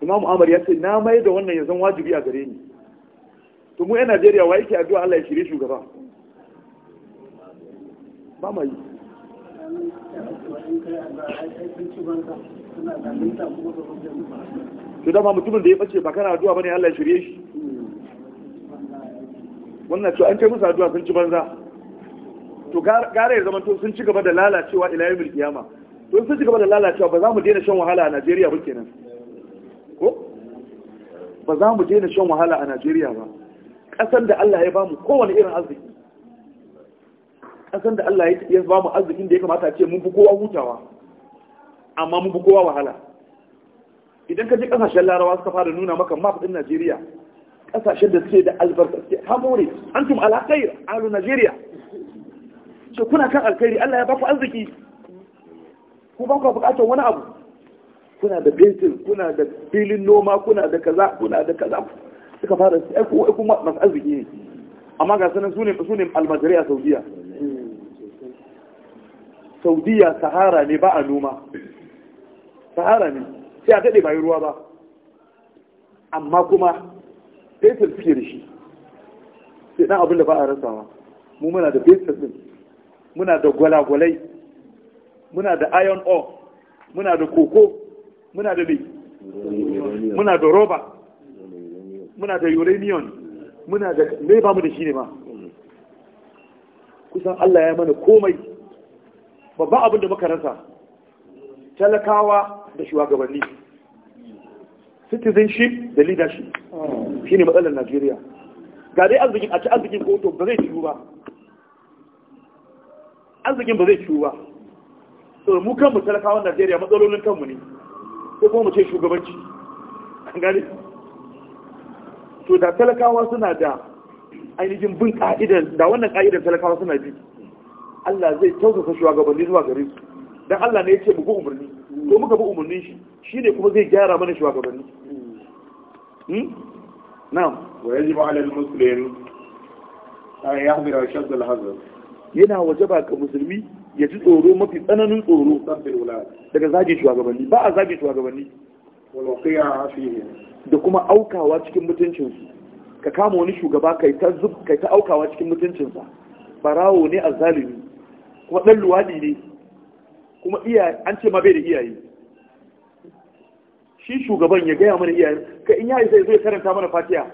imamu amar ya ce na mai da wannan ya zan wajibi a gare ni to mu 'yan najeriya wa yake addu'a Allah ya shirye shugaba ba ma yi to dama mutumin da ya bace ba kana addu'a bane Allah ya shirye shi wannan to an kai musu addu'a sun ci banza to gare ya zama to sun ci gaba da lalacewa ila yawmil qiyamah don sun cigaba da lalacewa ba za mu daina shan wahala a najeriya ba kenan ko ba za mu daina shan wahala a najeriya ba ƙasan da allah ya ba mu kowane irin arziki ƙasan da allah ya ba mu arzikin da ya kamata a ce mun fi kowa hutawa amma mun fi kowa wahala idan ka ji ƙasashen larawa suka fara nuna maka map ɗin najeriya ƙasashen da suke da albarka suke hamore antum ala khair alu najeriya ce kuna kan alkhairi allah ya ba ku arziki ku ba ku bukatar wani abu kuna da fetur kuna da filin noma kuna da kaza kuna da kaza suka fara ai ku masu arziki ne amma ga sanan sune sune almajari a saudiya saudiya sahara ne ba a noma sahara ne sai a daɗe ba yi ruwa ba amma kuma fetur suke da shi sai ɗan abin da ba a rasawa mu muna da fetur din muna da gwalagwalai muna da iron ore muna da koko muna da muna da roba muna da uranium muna da me ba mu da shi ne ma kusan Allah ya mana komai babban abin da muka rasa talakawa da shugabanni citizenship da leadership shi ne matsalar Najeriya ga dai arzikin a ci arzikin koto ba zai ciwu ba arzikin ba zai ciwu ba so mu kanmu talakawan najeriya matsalolin kanmu ne ko kuma mu ce shugabanci an gane to da talakawa suna da ainihin bin ka'idar da wannan ka'idar talakawa suna bi Allah zai tausasa shugabanni zuwa gare su dan Allah ne ya ce mu bi umarni to muka bi umarnin shi shine kuma zai gyara mana shugabanni hmm? na'am wa yajibu 'ala al-muslim an yahdira shadd al-hazar yana wajaba ga musulmi ya ji tsoro mafi tsananin tsoro daga zagin shugabanni ba a zagin shugabanni da kuma aukawa cikin mutuncinsu ka kama wani shugaba kai ta aukawa cikin mutuncinsa barawo ne a zalimi kuma ɗan luwaɗi ne kuma an ce ma bai da iyaye shi shugaban ya gaya mana iyaye ka in yayi yi zai karanta mana fatiya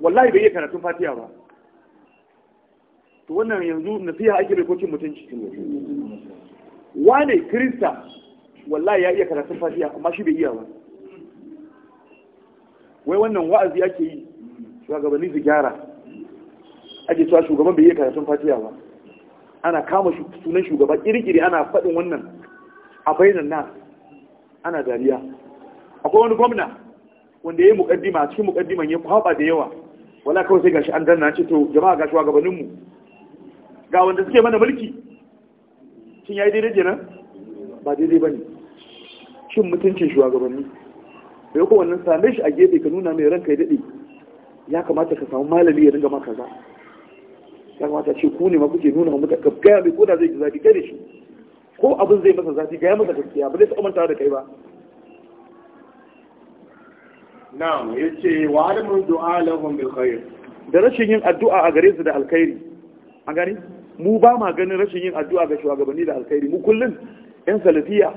wallahi bai iya karatun Fatiya ba to wannan yanzu nasiha ake mai kokin mutunci wane kirista wallahi ya iya karatun fatiha amma shi bai iya ba wai wannan wa'azi ake yi shugabanni su gyara ake cewa shugaban bai iya karatun fatiha ba ana kama sunan shugaba kirkiri ana faɗin wannan a bainan na ana dariya akwai wani gwamna wanda ya yi mukaddima a cikin mukaddiman ya kwaba da yawa wala kawai sai gashi an danna ce to jama'a ga shugabanninmu ga wanda suke mana mulki shin ya yi daidai jiran ba daidai ba ne cin mutuncin shugabanni da yako wannan same shi a gefe ka nuna mai ranka ya daɗe ya kamata ka samu malami ya ringa maka za ya kamata ce ku ne ma kuke nuna wa ka gaya mai koda zai zafi kai da shi ko abin zai masa zafi gaya masa gaskiya ba zai taɓa manta da kai ba na'am yace wa adamu du'a lahum bil khair da rashin yin addu'a a gare su da alkhairi an gani mu ba ma ganin rashin yin addu'a ga shugabanni da alkhairi mu kullum yan salafiya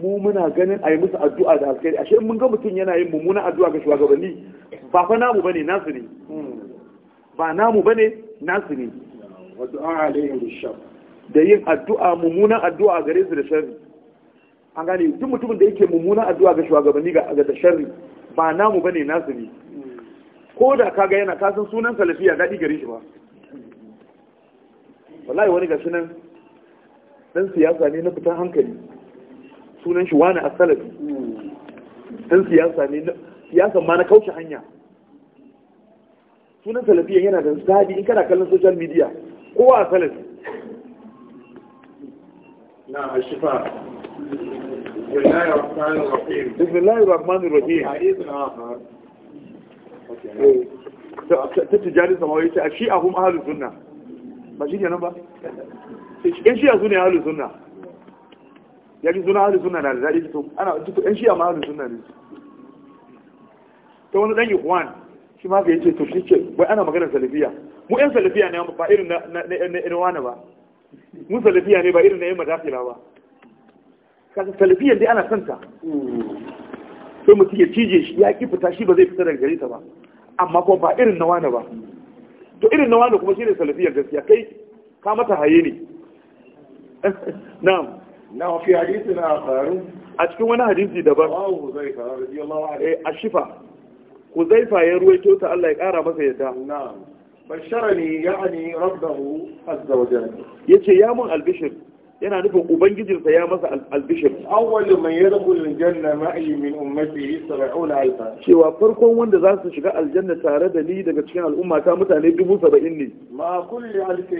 mu muna ganin a yi musu addu'a da alkhairi ashe mun ga mutum yana yin mummuna addu'a ga shugabanni ba fa namu bane nasu ne ba namu bane nasu ne da yin addu'a mummuna addu'a gare su da sharri an gane duk mutumin da yake mummuna addu'a ga shugabanni ga da sharri ba namu bane nasu ne hmm. ko da kaga yana kasan sunan salafiya daɗi gare shi ba wallahi wani ga sunan dan siyasa ne na fitan hankali sunan shi wani asalafi dan siyasa ne siyasa ma na kauce hanya sunan salafiyan yana da zabi in kana kallon social media kowa a salafi na shifa بسم الله الرحمن الرحيم بسم الله الرحمن الرحيم حديث تتجاري سماوية الشيعة هم أهل السنة ba shi kenan ba yan shiya su ne halin suna ya ji suna halin suna na da zaɗi fito ana jiko yan shiya ma halin suna ne ta wani ɗan ikwan shi ma ka ce to shi ce wai ana maganar salafiya mu yan salafiya ne ba irin na na wani ba mu salafiya ne ba irin na yan madafila ba kasa salafiyan dai ana son ta sai mutum ya cije shi ya ki fita shi ba zai fita daga gare ta ba amma kuma ba irin na wani ba to irin na wani kuma shine salafiyar gaskiya kai ka mata haye ne na'am na fi hadisi na faru a cikin wani hadisi daban a shifa Ku huzaifa ya ruwaito ta Allah ya kara masa yadda na'am basharani ya'ani rabbahu azza wa jalla yace ya mun albishir yana nufin ubangijinsa ya masa albishir awwalu man yadkhulu aljanna ma'i min ummatihi alfa cewa farkon wanda za su shiga aljanna tare da ni daga cikin al'umma ta mutane saba'in ne ma kulli alfin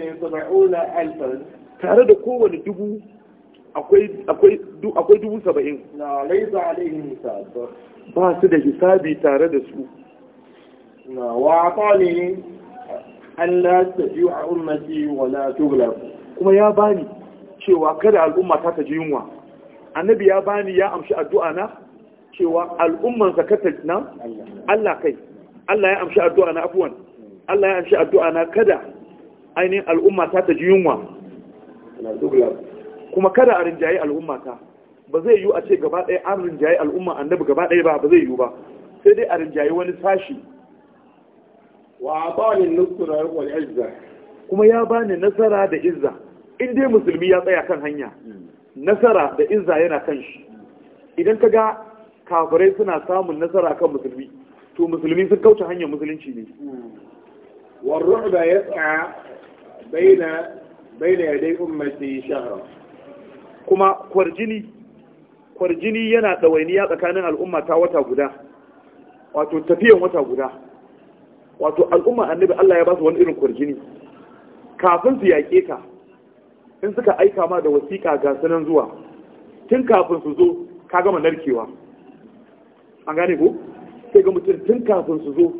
alfa tare da kowane dubu akwai dubu saba'in. Na laysa alaihim hisab ba su da hisabi tare da su na wa ne an la wa ummati wa la tughlab kuma ya bani cewa kada al'umma ta ji yunwa annabi ya bani ya amshi addu'a na cewa al'umman kata na Allah kai Allah ya amshi addu'a na afwan Allah ya amshi addu'a na kada ainihin al'umma ta ji yunwa kuma kada a rinjaye al'umma ta ba zai yiwu a ce gaba ɗaya an rinjaye al'umma annabi gaba ɗaya ba ba zai yiwu ba sai dai a rinjaye wani sashi wa ba bani nusra wal izza kuma ya bani nasara da izza in dai musulmi ya tsaya kan hanya nasara da izza yana kan shi idan ka ga kafirai suna samun nasara kan musulmi to musulmi sun kauce hanyar musulunci ne warru'u da ya tsaya baina baina yadai ummati shahra kuma kwarjini kwarjini yana ɗawainiya tsakanin al'umma ta wata guda wato tafiyan wata guda wato al'umma annabi Allah ya ba su wani irin kwarjini kafin su yaƙe ka in suka aika ma da wasiƙa ga sanan zuwa tun kafin su zo ka gama narkewa an gane ko sai ga mutum tun kafin su zo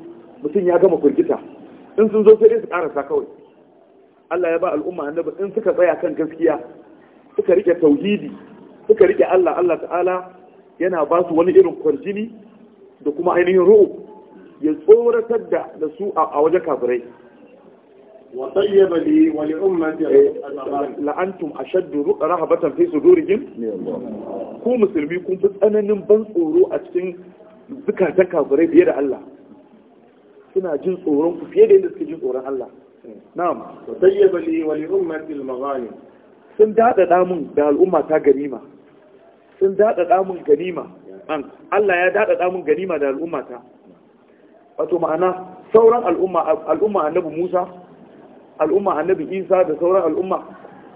mutum ya gama firgita in sun zo sai dai su ƙarasa kawai Allah ya ba al'umma annabi in suka tsaya kan gaskiya suka rike tauhidi suka rike Allah Allah ta'ala yana ba su wani irin kwarjini da kuma ainihin ru'u ya tsoratar da su a wajen kafirai وطيب لي ولأمتي لأنتم أشد رهبة في صدورهم ku musulmi kun fi tsananin ban tsoro a cikin zukatan kafirai fiye da Allah suna jin tsoron ku fiye da yadda suke jin tsoron Allah na'am wa tayyaba li wa li ummati al-maghanim sun dadada mun da al'umma ta ganima sun dadada mun ganima Allah ya dadada mun ganima da al'umma ta wato ma'ana sauran al'umma al'umma annabi Musa al'umma annabi isa da sauran al'umma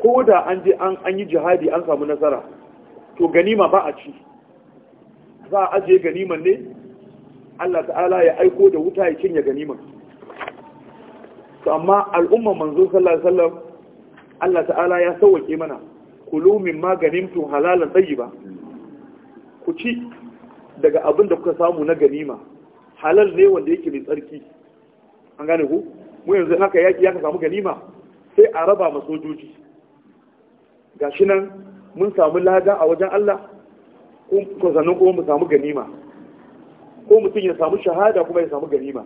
ko da an je an yi jihadi an samu nasara to ganima ba a ci za a ajiye ganiman ne Allah ta'ala ya aiko da wuta ya cinye ganiman to amma al'umma manzo sallallahu alaihi wasallam Allah ta'ala ya sauwake mana kulu min ganimtu halalan tayyiba ku ci daga abin da kuka samu na ganima halal ne wanda yake mai tsarki an gane ku mu yanzu in haka yaƙi ya ka samu ganima sai a raba ma sojoji shi nan mun samu lada a wajen Allah ko sannan kuma mu samu ganima ko mutum ya samu shahada kuma ya samu ganima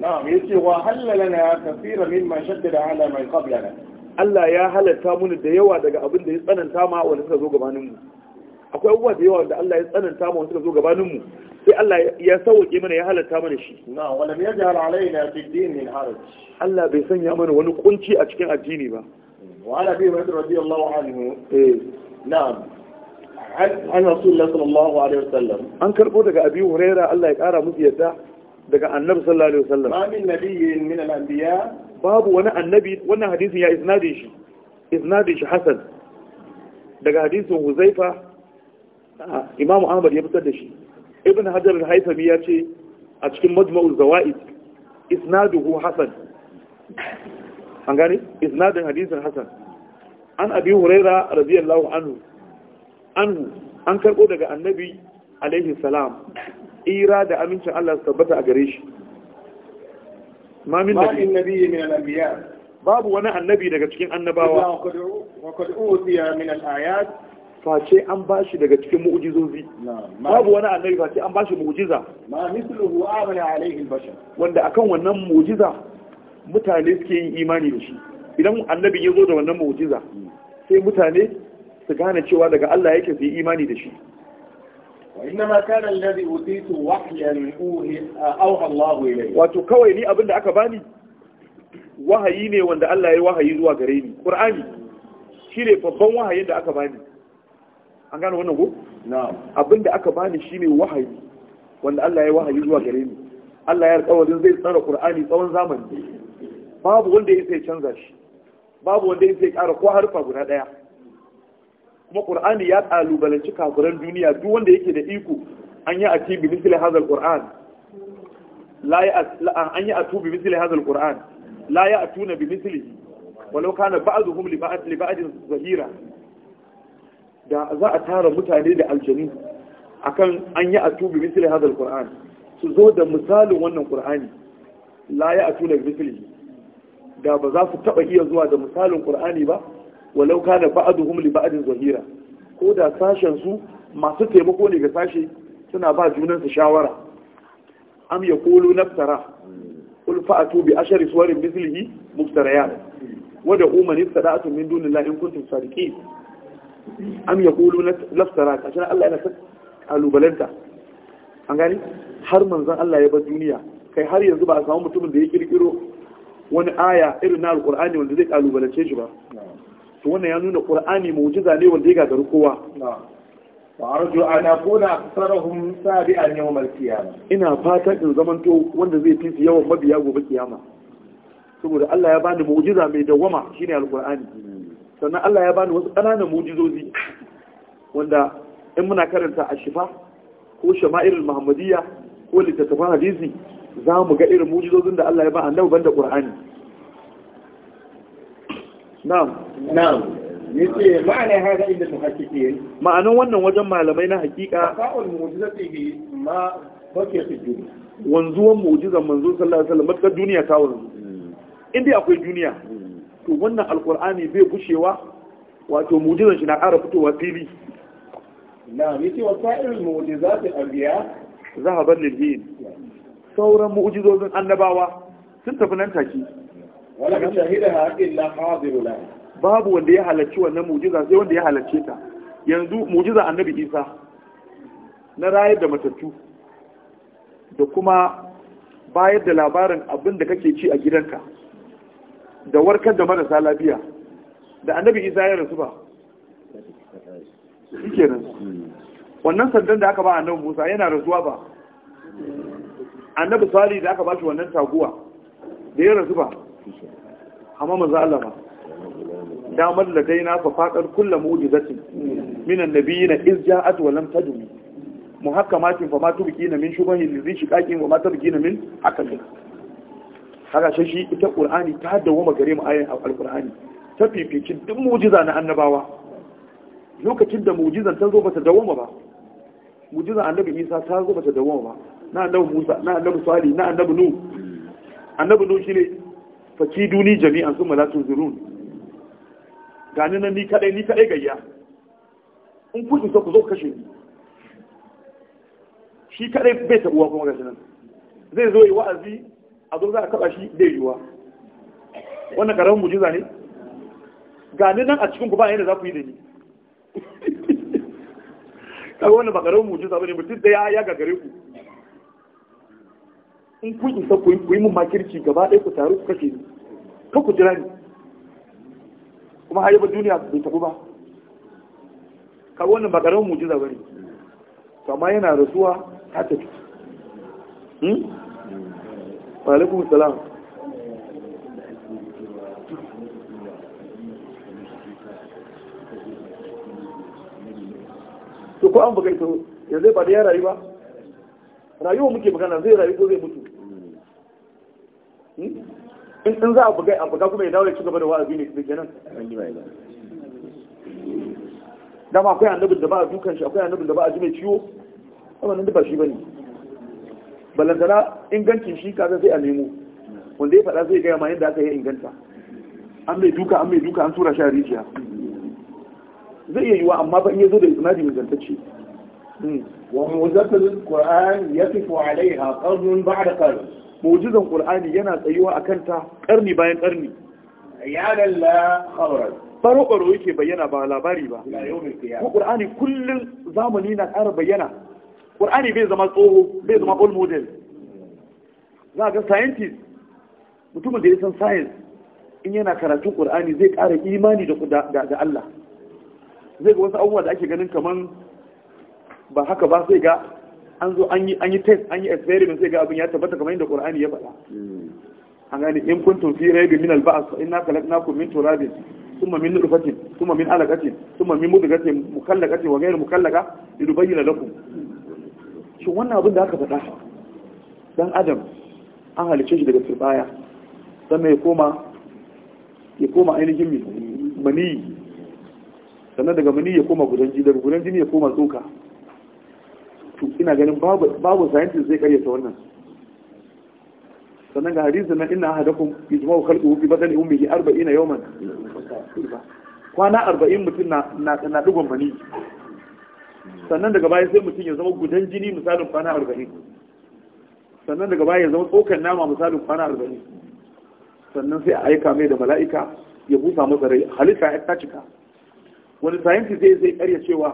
na'am yace wa halalana kaseera mimma shaddada ala man qablana Allah ya halatta muni da yawa daga abin da ya tsananta ma wanda suka zo gabanin mu akwai abubuwa da yawa da Allah ya tsananta ma wanda suka zo gabanin mu sai Allah ya sauke mana ya halatta mana shi na wala ya jahal alaina fi din min haraj Allah bai sanya mana wani kunci a cikin addini ba wa ala bi radiyallahu anhu eh na'am an rasulullah sallallahu alaihi wasallam an karbo daga abi huraira Allah ya kara musu yadda daga annabi sallallahu alaihi wasallam ma min nabiyyin min al-anbiya babu wani annabi wannan hadisin ya isnadin shi isnadin shi hasan daga hadisin huzaifa ah, imam ahmad ya fitar da shi ibn hajar al-haythami ya ce a cikin majma'ul zawaid isnaduhu hasan an gane isnadin hadisin hasan an abi huraira radiyallahu anhu anhu an karbo daga annabi alaihi salam ira da amincin Allah su tabbata a gare shi ma min nabi min al-anbiya babu wani annabi daga cikin annabawa wa qad utiya min al-ayat face an bashi daga cikin mu'ujizozi babu wani annabi face an bashi mu'ujiza ma mithluhu amana alaihi albashar wanda akan wannan mu'ujiza mutane suke yin imani da shi idan annabi ya zo da wannan mu'ujiza, hmm. sai mutane su gane cewa daga Allah yake su yi imani da shi utitu wahyan الذي aw وحيا ilayhi Wato kawai ni abin da aka bani? wahayi ne wanda Allah ya wahayi zuwa gare ni Qur'ani ne babban wahayin da aka bani an gane wannan ko abinda aka bani shine wahayi wanda Allah ya wahayi zuwa gare ni Allah ya alƙawarin zai tsara Qur'ani tsawon zamani babu wanda ya sai canza shi babu wanda ya sai ƙara ko harfa guda daya kuma Qur'ani ya kalubalanci kafiran duniya duk wanda yake da iko an yi ati bi misli hadha quran la ya an yi atu bi misli hadha quran la ya atuna bi mislihi walau kana ba'dhum li ba'd li ba'd zahira da za a tara mutane da aljanu akan an yi tubi misali hadal qur'an su zo da misalin wannan qur'ani la ya atuna misali da ba za su taɓa iya zuwa da misalin qur'ani ba walau kana ba'duhum li ba'din zahira ko da sashen su masu taimako ne ga sashe suna ba junan su shawara am yaqulu naftara qul fa'atu bi ashari suwarin mislihi muftariyat wa da umman sadatu min dunillahi in kuntum sadiqin am ya kulu na laftara kashin Allah yana kalubalanta an gani har manzan Allah ya bar duniya kai har yanzu ba a samu mutumin da ya kirkiro wani aya irin na alkur'ani wanda zai kalubalance shi ba to wannan ya nuna qur'ani mu'jiza ne wanda ya gagaru kowa wa ina fatan in zamanto wanda zai fi yawan mabiya gobe kiyama saboda Allah ya bani mu'jiza mai dawama shine alkur'ani sannan Allah ya bani wasu ƙananan mujizozi wanda in muna karanta a shifa ko shama'irin muhammadiyya ko littattafan hadisi za mu ga irin mujizozin da Allah ya ba annabi banda ƙur'ani na'am na'am yace hada inda wannan wajen malamai na hakika fa'ul ma wanzuwan mu'jizan manzo sallallahu alaihi wasallam matka duniya ta hmm. In dai akwai duniya hmm. to wannan alkur'ani bai gushewa wato mujizan shi na ƙara fitowa fili na yace wa sa'irul abiya za a bar hin sauran mu'jizozin annabawa sun tafi nan take wala ka haƙin illa hadir la babu wanda ya halarci wannan mu'jiza sai wanda ya halarce ta yanzu mu'jiza annabi Isa na rayar da matattu da kuma bayar da labarin abin da kake ci a gidanka da warkar da marasa lafiya da annabi isa ya rasu ba nan. wannan sandan da aka ba annabi musa yana rasuwa ba annabi sali da aka ba shi wannan taguwa da ya rasu ba amma maza Allah ba damar da dai na fafaɗar kulla mu'jizatin minan nabiyina iz ja'at wa lam tadum muhakkamatin fa ma tubqina min shubhin li shiqaqin wa ma tubqina min akalin haka shi shi ita qur'ani ta dawoma gare mu ayin alqur'ani ta fifici duk mu'jiza na annabawa lokacin da mu'jizan ta zo bata dawoma ba mu'jizan annabi Isa ta zo bata dawoma ba na annabi Musa na annabi sali na annabi Nu annabi ne shine Duni, jami'an summa la tunzirun gani nan ni kadai ni kadai gayya in kuɗi sa ku zo kashe ni shi kadai bai uwa kuma gashi nan zai zo yi wa'azi a zo za a kaba shi zai yiwuwa wannan karamin mujiza ne gani nan a cikin ku ba yadda za ku yi da ni kaga wannan ba karamin mujiza ba ne mutum da ya gagare ku in kun isa ku yi mun makirci gaba ɗaya ku taru ku kashe ni ka ku jira ni kuma har ba duniya bai tafi ba kaga wannan ba karamin mujiza bane to amma yana rasuwa ta tafi hmm? alaikum salam to ko an baka ita yanzu ba da ya rayu ba rayuwa muke magana zai rayu ko zai mutu hmm? in za a buga a buga kuma ya dawo ya ci gaba da wa'azi ne kuma kenan dama akwai annabin da ba a dukan shi akwai annabin da ba a ji mai ciwo amma nan da ba shi bane balantana ingancin shi kaga sai a nemo wanda ya faɗa zai gaya ma yadda aka yi inganta an mai duka an mai duka an tura shi a rijiya zai iya yiwa amma ba in ya zo da isnadi ingantacce wa hmm. mu'jizatul qur'an yaqifu 'alayha qarnun ba'da qarn mu'jizan qur'ani yana tsayuwa a kanta ƙarni bayan ƙarni. ya dalla khabara baro baro yake bayyana ba labari ba ko ƙur'ani kullum zamani na ƙara bayyana ƙur'ani bai zama tsoho bai zama old model za ga scientist mutumin da ya san science in yana karatun ƙur'ani zai ƙara imani da Allah zai ga wasu abubuwa da ake ganin kaman ba haka ba sai ga an zo an yi test an yi experiment sai ga abin ya tabbata kamar yadda ƙur'ani ya faɗa hmm. an gani in kuntum fi raibin min al-ba'th fa inna khalaqnakum min turabin ثم من نطفة ثم من علقة ثم ce مضغة مخلقة وغير مخلقة bayyana لكم shi wannan abin da aka faɗa don adam an halice shi daga turbaya sannan ya koma ya koma ainihin maniyi sannan daga maniyi ya koma gudan jini daga gudan jini ya koma tsoka to ina ganin babu scientist zai karyata wannan sannan ga harizu na ina hadakum ijma'u khalqu fi badani ummihi 40 yawman kwana arba'in mutum na na mani maniyi sannan daga baya sai mutum ya zama gudan jini misalin kwana arba'in sannan daga baya ya zama tsokan nama misalin kwana arba'in sannan sai a aika mai da mala'ika ya busa masa rai halitta ya ta cika wani sayinti zai zai karya cewa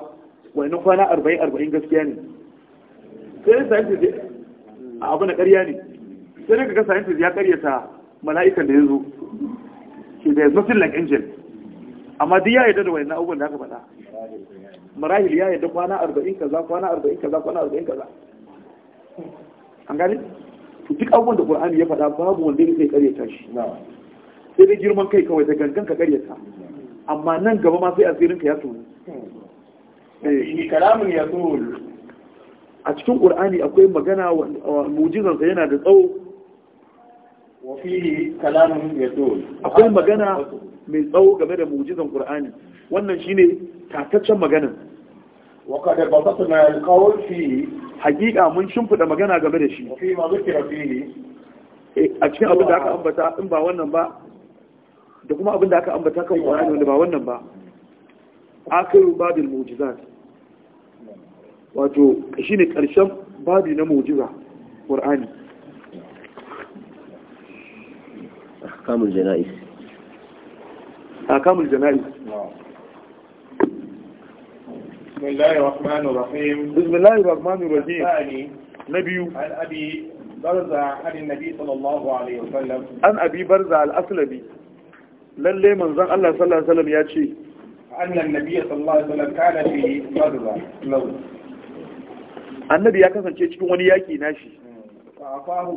wani kwana arba'in arba'in gaskiya ne sai sayinti zai a abu na karya ne sai ya karyata mala'ikan da ya zo shi da ya zo like angel amma duk ya yarda da wani abubuwan da aka faɗa marahil ya yadda kwana arba'in kaza kwana arba'in kaza kwana arba'in kaza an gane to duk abubuwan da qur'ani ya faɗa babu wanda zai ta shi sai dai girman kai kawai da gangan ka ta. amma nan gaba ma sai asirin ka ya tuni hmm. eh kalamun tsoro a cikin qur'ani akwai magana mujizan sa yana da tsawo wa fihi kalamun tsoro akwai magana mai tsawo game da mujizan qur'ani wannan shi ne tataccen maganan wa qad basatna al-qawl fi haqiqa mun shimfida magana game da shi fi eh, a cikin abin da aka ambata in ba wannan ba da kuma abin da aka ambata kan Qur'ani wanda ba wannan ba akiru babin mu'jizat wato shi ne karshen babi na mu'jiza Qur'ani ahkamul janaiz ahkamul janaiz بسم الله الرحمن الرحيم نبي عن برزة عن النبي صلى الله عليه وسلم عن أبي برزة lalle manzon Allah sallallahu ya ce annan nabi sallallahu alaihi wasallam kana fi barza law annabi ya kasance cikin wani yaki nashi safa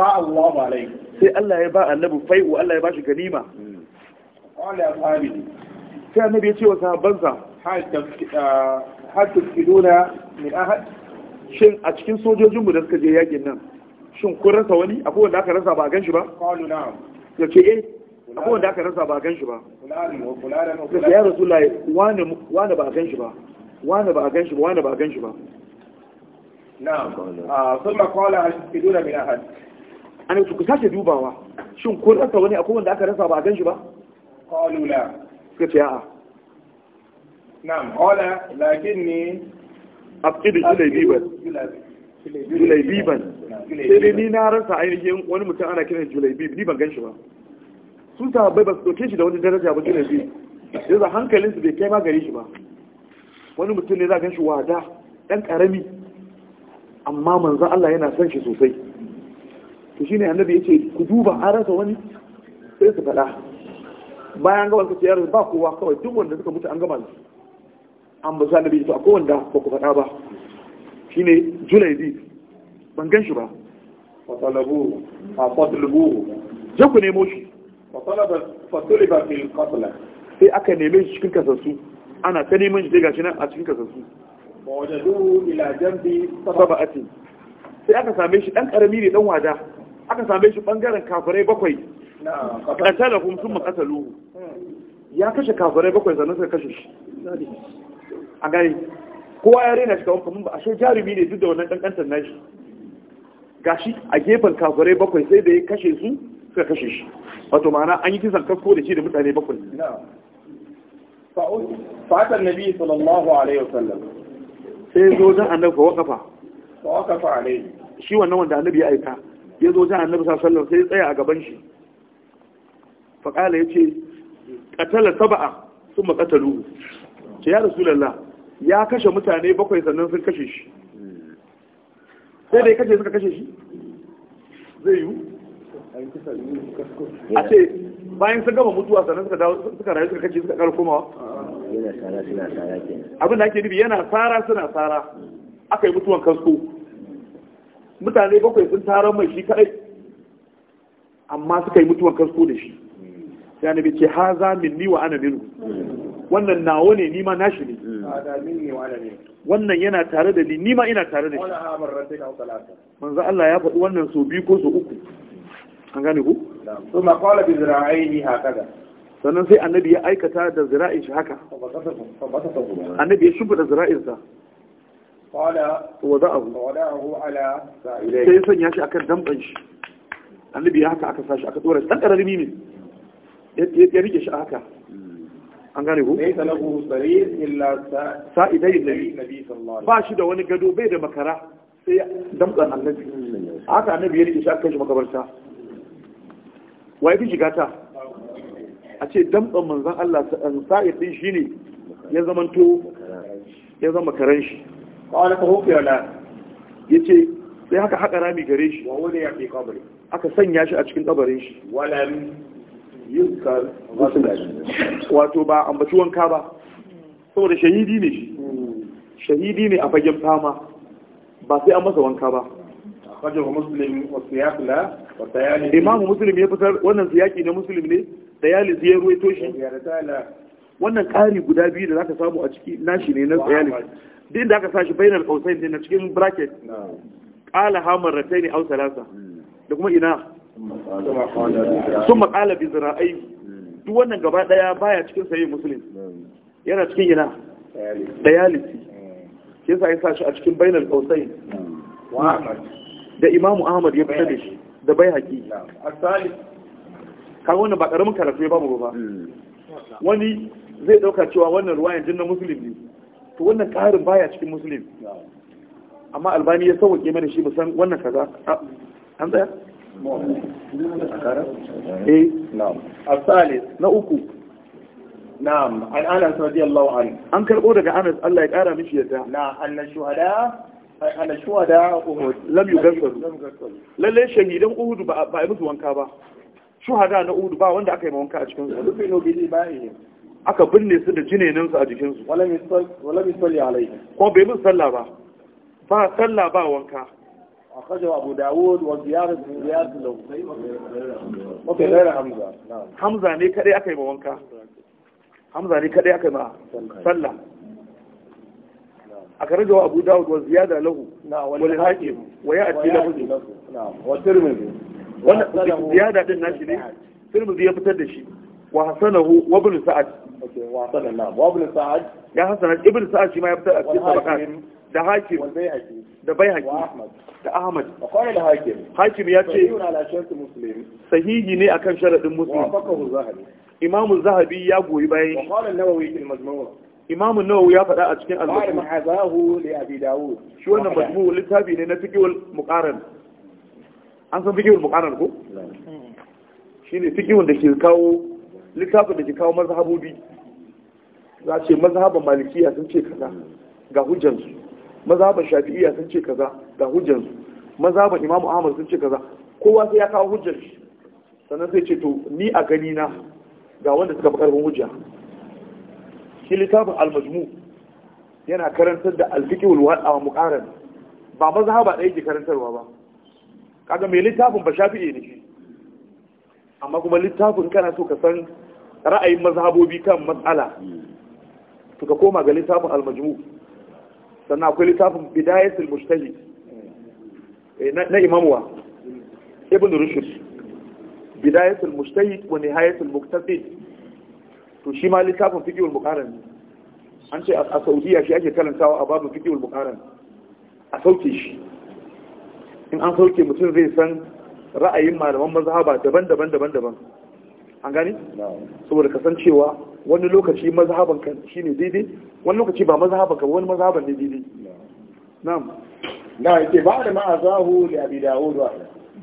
Allah alaihi sai Allah ya ba annabi fai'u Allah ya ba shi ganima hmm. qala sai annabi ya ce wa sahabbansa Ah, hal tafkiduna min ahad shin a cikin sojojinmu da suka je yakin nan shin kun rasa wani akwai wanda aka rasa ba a shi ba qalu na'am yace eh akwai wanda aka rasa ba a shi ba yace ya rasu wani wane ba a shi ba wani ba a shi ba wani ba a shi ba na'am ah, thumma a hal tafkiduna min ahad an ku sace dubawa shin kun rasa wani akwai wanda aka rasa ba a shi ba qalu la suka ce a'a na'am na ainihin mutum ana kiran ni ban ba sun ba su shi da wani daraja ba julaybib hankalinsu bai kai ma shi ba wani mutum ne za gan shi wada ɗan ƙarami amma Allah yana son shi sosai ya ce ku duba an rasa wani faɗa bayan gawar su ce ba kowa kawai duk wanda suka mutu an gama su an ba sa nabi to akwai wanda ba ku faɗa ba shine julaidi ban gan shi ba fatalabu fatalabu je ku nemo shi fatalabu fil qatla sai aka neme shi cikin kasassu ana ta neman shi gashi nan a cikin kasassu mawajadu ila jambi sab'ati sai aka same shi dan karami ne dan wada aka same shi bangaren kafirai bakwai kuma thumma qataluhu hmm. ya kashe kafirai bakwai sannan suka kashe shi a gani. kowa ya rena shi wanka kamun ba ashe jarumi ne duk da wannan ɗanɗantar nashi gashi a gefen kafirai bakwai sai da ya kashe su suka kashe shi wato ma'ana an yi kisan kasko da shi da mutane bakwai fatan nabi sallallahu alaihi wasallam sai zo dan annabi fa wakafa fa waqafa alaihi shi wannan wanda annabi ya aika ya zo dan annabi sallallahu alaihi sai ya tsaya a gaban shi fa kala yace qatala sab'a thumma qataluhu ce ya rasulullah ya kashe mutane bakwai sannan sun kashe shi sai da ya kashe suka kashe shi zai yiwu a ce bayan sun gama mutuwa sannan suka dawo suka rayu suka kashe suka kara komawa abin da ake nufi yana tsara suna tsara aka yi mutuwan kasko mutane bakwai sun taron mai shi kadai amma suka yi mutuwan kasko da shi yana bai ce ha za min ni wa ana minu wannan nawa ne nima nashi mm. ah, ne wannan yana tare da ni nima ina tare da shi manzo Allah ya faɗi wannan so biyu ko so uku an gane ku so ma qala bi zira'aini hakaza sannan sai annabi ya aikata da zira'in shi haka annabi ya shimfida zira'in sa qala wada'ahu wada'ahu ala sa'ilai sai sanya shi akan damban shi annabi ya haka aka sashi aka dora dan karami ne ya rike shi haka an gane ku laysa lahu sarir illa sa'idai nabi ba shi da wani gado bai da makara sai damtsan annabi haka annabi ya rike shi aka shi makabarta wa ya shiga ta a ce damtsan manzan Allah eh, sa'id din ne ya zamanto ya zama karan shi qala fa huwa la yace sai haka haka rami gare shi wa wala ya fi qabri aka sanya shi a cikin kabarin shi walam wato ba ambaci wanka ba saboda shahidi ne shahidi ne a fagen fama ba sai an masa wanka ba imamu muslim ya fitar wannan siyaki na musulmi ne da ya lizi ya ruwaito shi wannan ƙari guda biyu da za ka samu a ciki nashi ne na tsayali din da aka sa shi bainar kausain ne na cikin bracket ƙala hamar ratai ne au salasa hmm. da kuma ina sun makala bi zira'ai duk wannan gaba daya baya cikin sayi musulun yana cikin yana dayalisi ke sa yi sashi a cikin bainar kausai da imamu ahmad ya fita da shi da bai haƙi kaga wani ba ƙaramin karafe ba mu ba wani zai ɗauka cewa wannan ruwayan jin na musulun ne to wannan ƙarin baya cikin musulun amma albani ya sauwaƙe mana shi musan wannan kaza ah, an tsaya Eh, an karbo daga Allah ya kara mishi yadda na anna shuhada shuhada uhud lam lalle shahidan ba ba musu wanka ba shuhada na uhud ba wanda aka yi wanka a cikin su aka binne su da jinenin a jikin su wala wala bai ba ba sallah ba wanka أخرجه أبو داود وزيارة زيارة له أوكي غير حمزة نعم ne kadai aka yi wanka Hamza ne kadai aka yi ma sallah أخرجه أبو داود وزيادة له والحاكم ويأتي له نعم والترمذي wannan ziyada din nashi ne tirmidhi ya fitar da shi wa hasanahu wa ibn sa'ad wa hasanahu wa ibn sa'ad ya hasana ibn shi ma ya fitar a da hakim da bai hakim da ahmad hakim ya ce sahihi ne akan sharaɗin musulun imamu zahabi ya goyi bayan imamu nawawi ya faɗa a cikin al-majmu' shi wannan majmu' littafi ne na fiqhul muqaran an san fiqhul muqaran ko ne fiqhun da ke kawo littafin da ke kawo mazhabobi za ce mazhaban malikiya sun ce kaza ga hujjansu mazhaban shafi'iyya sun ce kaza ga hujjar su mazhaban imamu ahmad sun ce kaza kowa sai ya kawo hujjar shi sannan sai ce to ni a gani na ga wanda suka fi karfin hujja shi littafin al-majmu yana karantar da al-fiqh wal a muqaran ba mazhaba ɗaya ke karantarwa ba kaga mai littafin ba shafi'i ne shi amma kuma littafin kana so ka san ra'ayin mazhabobi kan matsala to ka koma ga littafin al-majmu' sannan akwai littafin bidayatul mujtahid eh, na imamuwa ibn rushus bidayatul mujtahid wani nihayatul muqtasid to shi ma littafin fikiyar muqaran an ce a saudiya shi ake karantawa a babu fikiyar muqaran a sauke shi in an sauke mutum zai san ra'ayin malaman mazaba daban-daban daban-daban an gani saboda kasancewa wani lokaci mazhaban ka shine daidai wani lokaci ba mazhaban ka wani mazhaban ne daidai na'am na yake ba da ma'azahu da abi dawud wa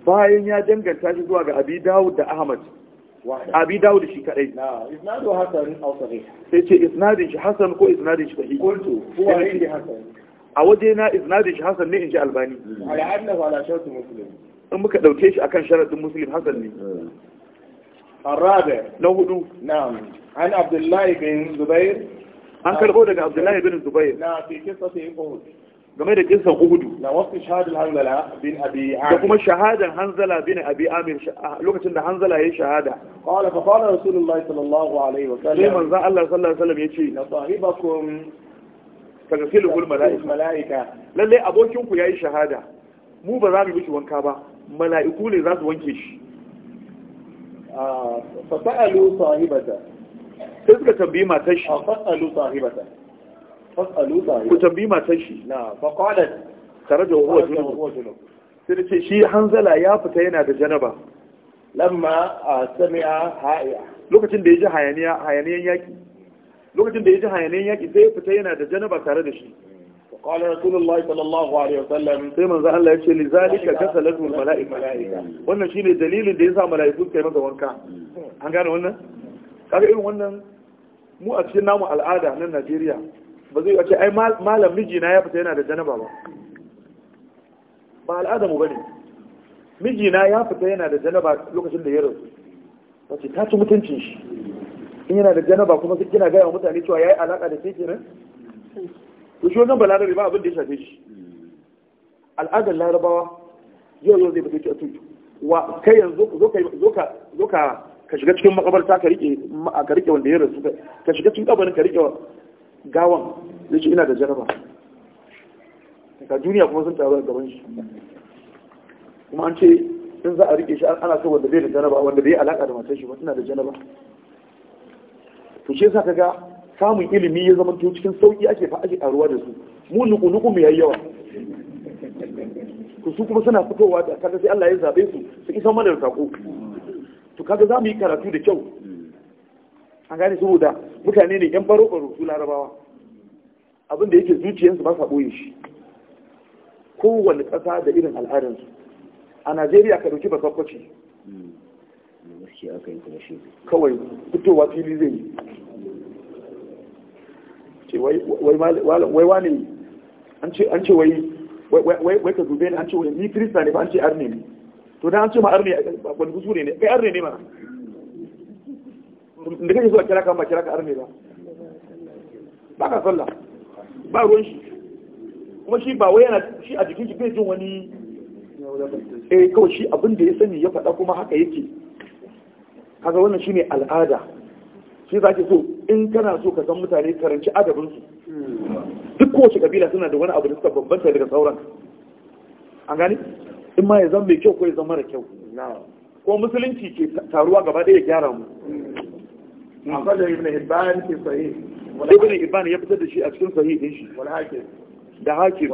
bayan ya danganta shi zuwa ga abi dawud da ahmad abi dawud shi kadai na isnadu hasan aw sahih sai isnadin shi hasan ko isnadin shi sahih qultu huwa indi hasan a waje na isnadin shi hasan ne in ji albani ala annahu ala shart muslim in muka dauke shi akan sharadin muslim hasan ne eh. الرابع له نعم عن عبد الله بن زبير an karbo daga abdullahi bin zubair na fi kisa ta yin game da kisan uhudu na wasu shahadar hanzala bin abi amir da kuma shahadar hanzala bin abi amir lokacin da hanzala ya yi shahada qala fa qala rasulullahi sallallahu alaihi wa sallam sai manzo Allah sallallahu alaihi wasallam yace na sahibakum tagasilul malaika lalle abokin ku yi shahada mu ba za mu yi wanka ba mala'iku ne za su wanke shi fa sa'alu sahibata sai suka tambayi matar shi fa sa'alu sahibata fasalu sahibata ku tambayi matar shi na fa qalat kharaja huwa junub sai da ce shi hanzala ya fita yana da janaba lamma sami'a ha'iya lokacin da ya ji hayaniyan yaki lokacin da ya ji hayaniyan yaki sai ya fita yana da janaba tare da shi قال رسول sallallahu alaihi الله عليه وسلم Allah yace الله zalika لذلك malaika wannan shine dalilin da yasa malaiku kai masa wanka an gane wannan kaga irin wannan mu a cikin namu al'ada nan Najeriya ba zai ce ai malam mijina ya fita yana da janaba ba ba al'ada mu bane mijina ya fita yana da janaba lokacin da ya rasu wace da janaba kuma na gaya wa mutane cewa yayi alaka da ke kenan to nan ba balarabe ba abin da ya shafe shi al'adar larabawa yau yau zai ba take atuju wa kai yanzu zo ka ka shiga cikin makabarta ka rike ka rike wanda ya rasu ka shiga cikin kabarin ka rike gawan zai ina da jaraba ka duniya kuma sun taru a gaban shi kuma an ce in za a rike shi ana so wanda bai da jaraba wanda bai alaka da matar shi ba ina da jaraba to shi yasa ga. samun ilimi ya zama to cikin sauki ake fa ake karuwa da su mu nuku nuku mu yayi yawa ku su kuma suna fitowa da kaga sai Allah ya zabe su su isa mana da sako to kaga za mu yi karatu da kyau an gane saboda mutane ne yan baro baro su larabawa abin da yake zuciyarsu ba sa boye shi kowane ƙasa da irin al'adarsu a najeriya ka dauki basakwaci hmm. kawai fitowa fili zai yi ce wai wani an ce wai ka dube ni an ce wai ni kirista ne ba an ce arne ne to dan an ce ma arne wani kusure ne kai arne ne mana da kake zuwa kira ka ba kira ka arne ba ba ka sallah ba ruwan shi kuma shi ba wai yana shi a jikin shi bai jin wani eh kawai shi abin da ya sani ya faɗa kuma haka yake kaga wannan shine al'ada shi za ki so in kana so ka san mutane karanci adabinsu duk kowace kabila suna da wani abu da suka bambanta daga sauran an gani in ma ya zama mai kyau ko ya zama mara kyau ko musulunci ke taruwa gaba ɗaya gyara mu ibn hibban fi sahih ibn hibban ya fitar da shi a cikin sahih din shi wal hakim da hakim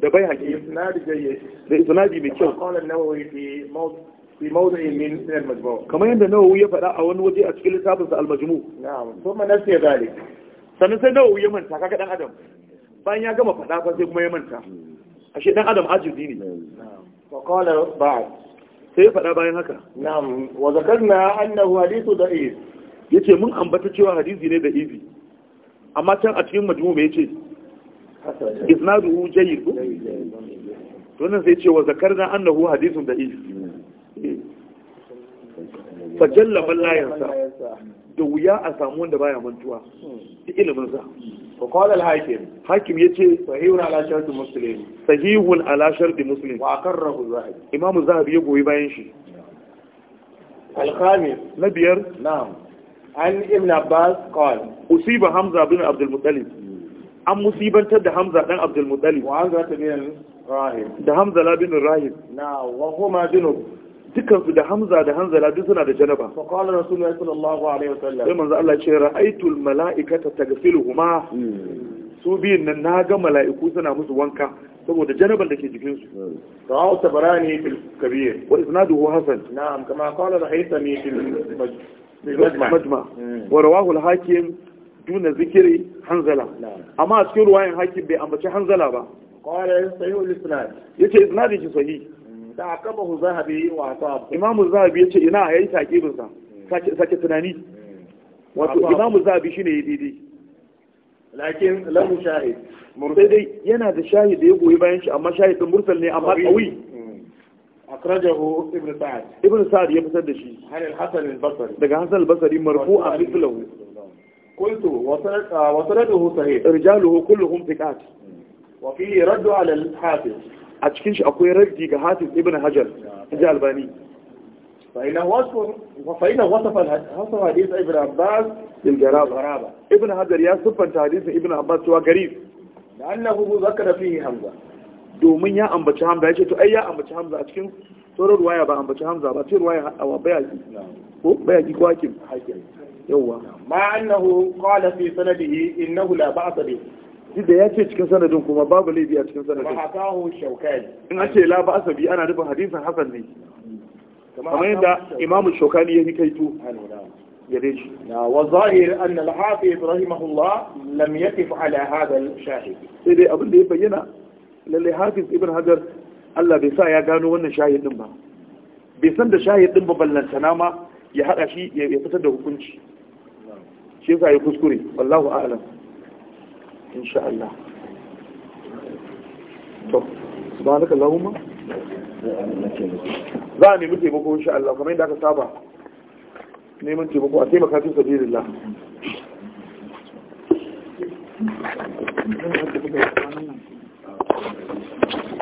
da bai hakim da isnadi da isnadi mai kyau fi mawdu'in min yadda Nawawi ya faɗa a wani waje a cikin littafin al sannan sai Nawawi ya manta kaga dan adam bayan ya gama fada fa sai kuma ya manta ashe dan adam ajizi ne Sai qala ba'd sai faɗa bayan haka na'am wa zakarna annahu hadithu da'if yace mun ambata cewa hadisi ne da ibi amma can a cikin majmu me yace isnaduhu jayyid to nan sai ce wa zakarna annahu da da'if fajalla ballayansa da wuya a samu wanda baya mantuwa da ilimin sa fa qala al-hakim hakim yace sahihun ala shartu muslim sahihun ala shartu muslim wa akarrahu zahabi imamu zahabi ya goyi bayan shi al-khamis na biyar na'am an ibn abbas qala usiba hamza bin abdul muttalib an musibantar da hamza dan abdul muttalib wa hamza bin Rahim? da hamza bin Rahim. na wa huma junub dukansu da hamza da hanzala duk suna da janaba fa qala rasulullahi sallallahu alaihi wasallam sai manzo Allah ya ce ra'aytul mala'ikata taghsiluhuma hmm. su biyun nan na ga mala'iku suna musu wanka saboda janaban da ke jikin su hmm. rawu tabarani fil kabir wa isnaduhu hasan na'am kama qala rahisani fil majma hmm. wa rawahu al-hakim duna zikiri hanzala amma a cikin ruwayan hakim bai ambaci hanzala ba qala sahihu al-isnad yace isnadi shi sahihi da akabahu zahabi wa asab imamu zahabi ce ina yayi takibin sake tunani hmm. wato imamu zahabi ne ya daidai lakin lamun shahid mursal dai yana da shahid da ya goyi bayan shi amma shahid din mursal ne amma qawi hmm. akrajahu ibn Sa'ad. ibn Sa'ad ya fitar da shi Daga hasan al-basri daga hasan al-basri marfu'a mithluhu قلت وسرده صحيح رجاله كلهم ثقات وفيه رد على الحافظ أتكنش أقوي رجدي كهاتف ابن هجر هذا الباني فإنه وصف فإنه وصف وصف حديث ابن عباس بالقرابة ابن هجر يا صفا تحديث ابن عباس هو قريب لأنه ذكر فيه حمزة دومين يا أم بچ حمزة أيش تو أيه أم بچ حمزة أتكن تور رواية با أم بچ حمزة با تور رواية أو بيعج هو بيعج كواكيم يوه مع أنه قال في سنده إنه لا بعث به duk da ya ce cikin sanadin kuma babu laifi a cikin sanadin in an ce la ba asabi ana nufin hadisin hasan ne kamar yadda imamu shokani ya yi kaito ah, gare shi wa zahir anna al-hafiz rahimahullah lam yaqif ala hadha al-shahid sai dai abin da ya bayyana lalle hafiz ibn hajar Allah bai sa ya gano wannan din ba bai san da din ba ballantana ma ya hada shi ya fitar da hukunci shi yasa ya kuskure wallahu a'lam insha Allah to subhanaka allahumma za a nemi taimako insha Allah kamar yadda aka saba neman taimako a taimaka fi sabilillah Thank you.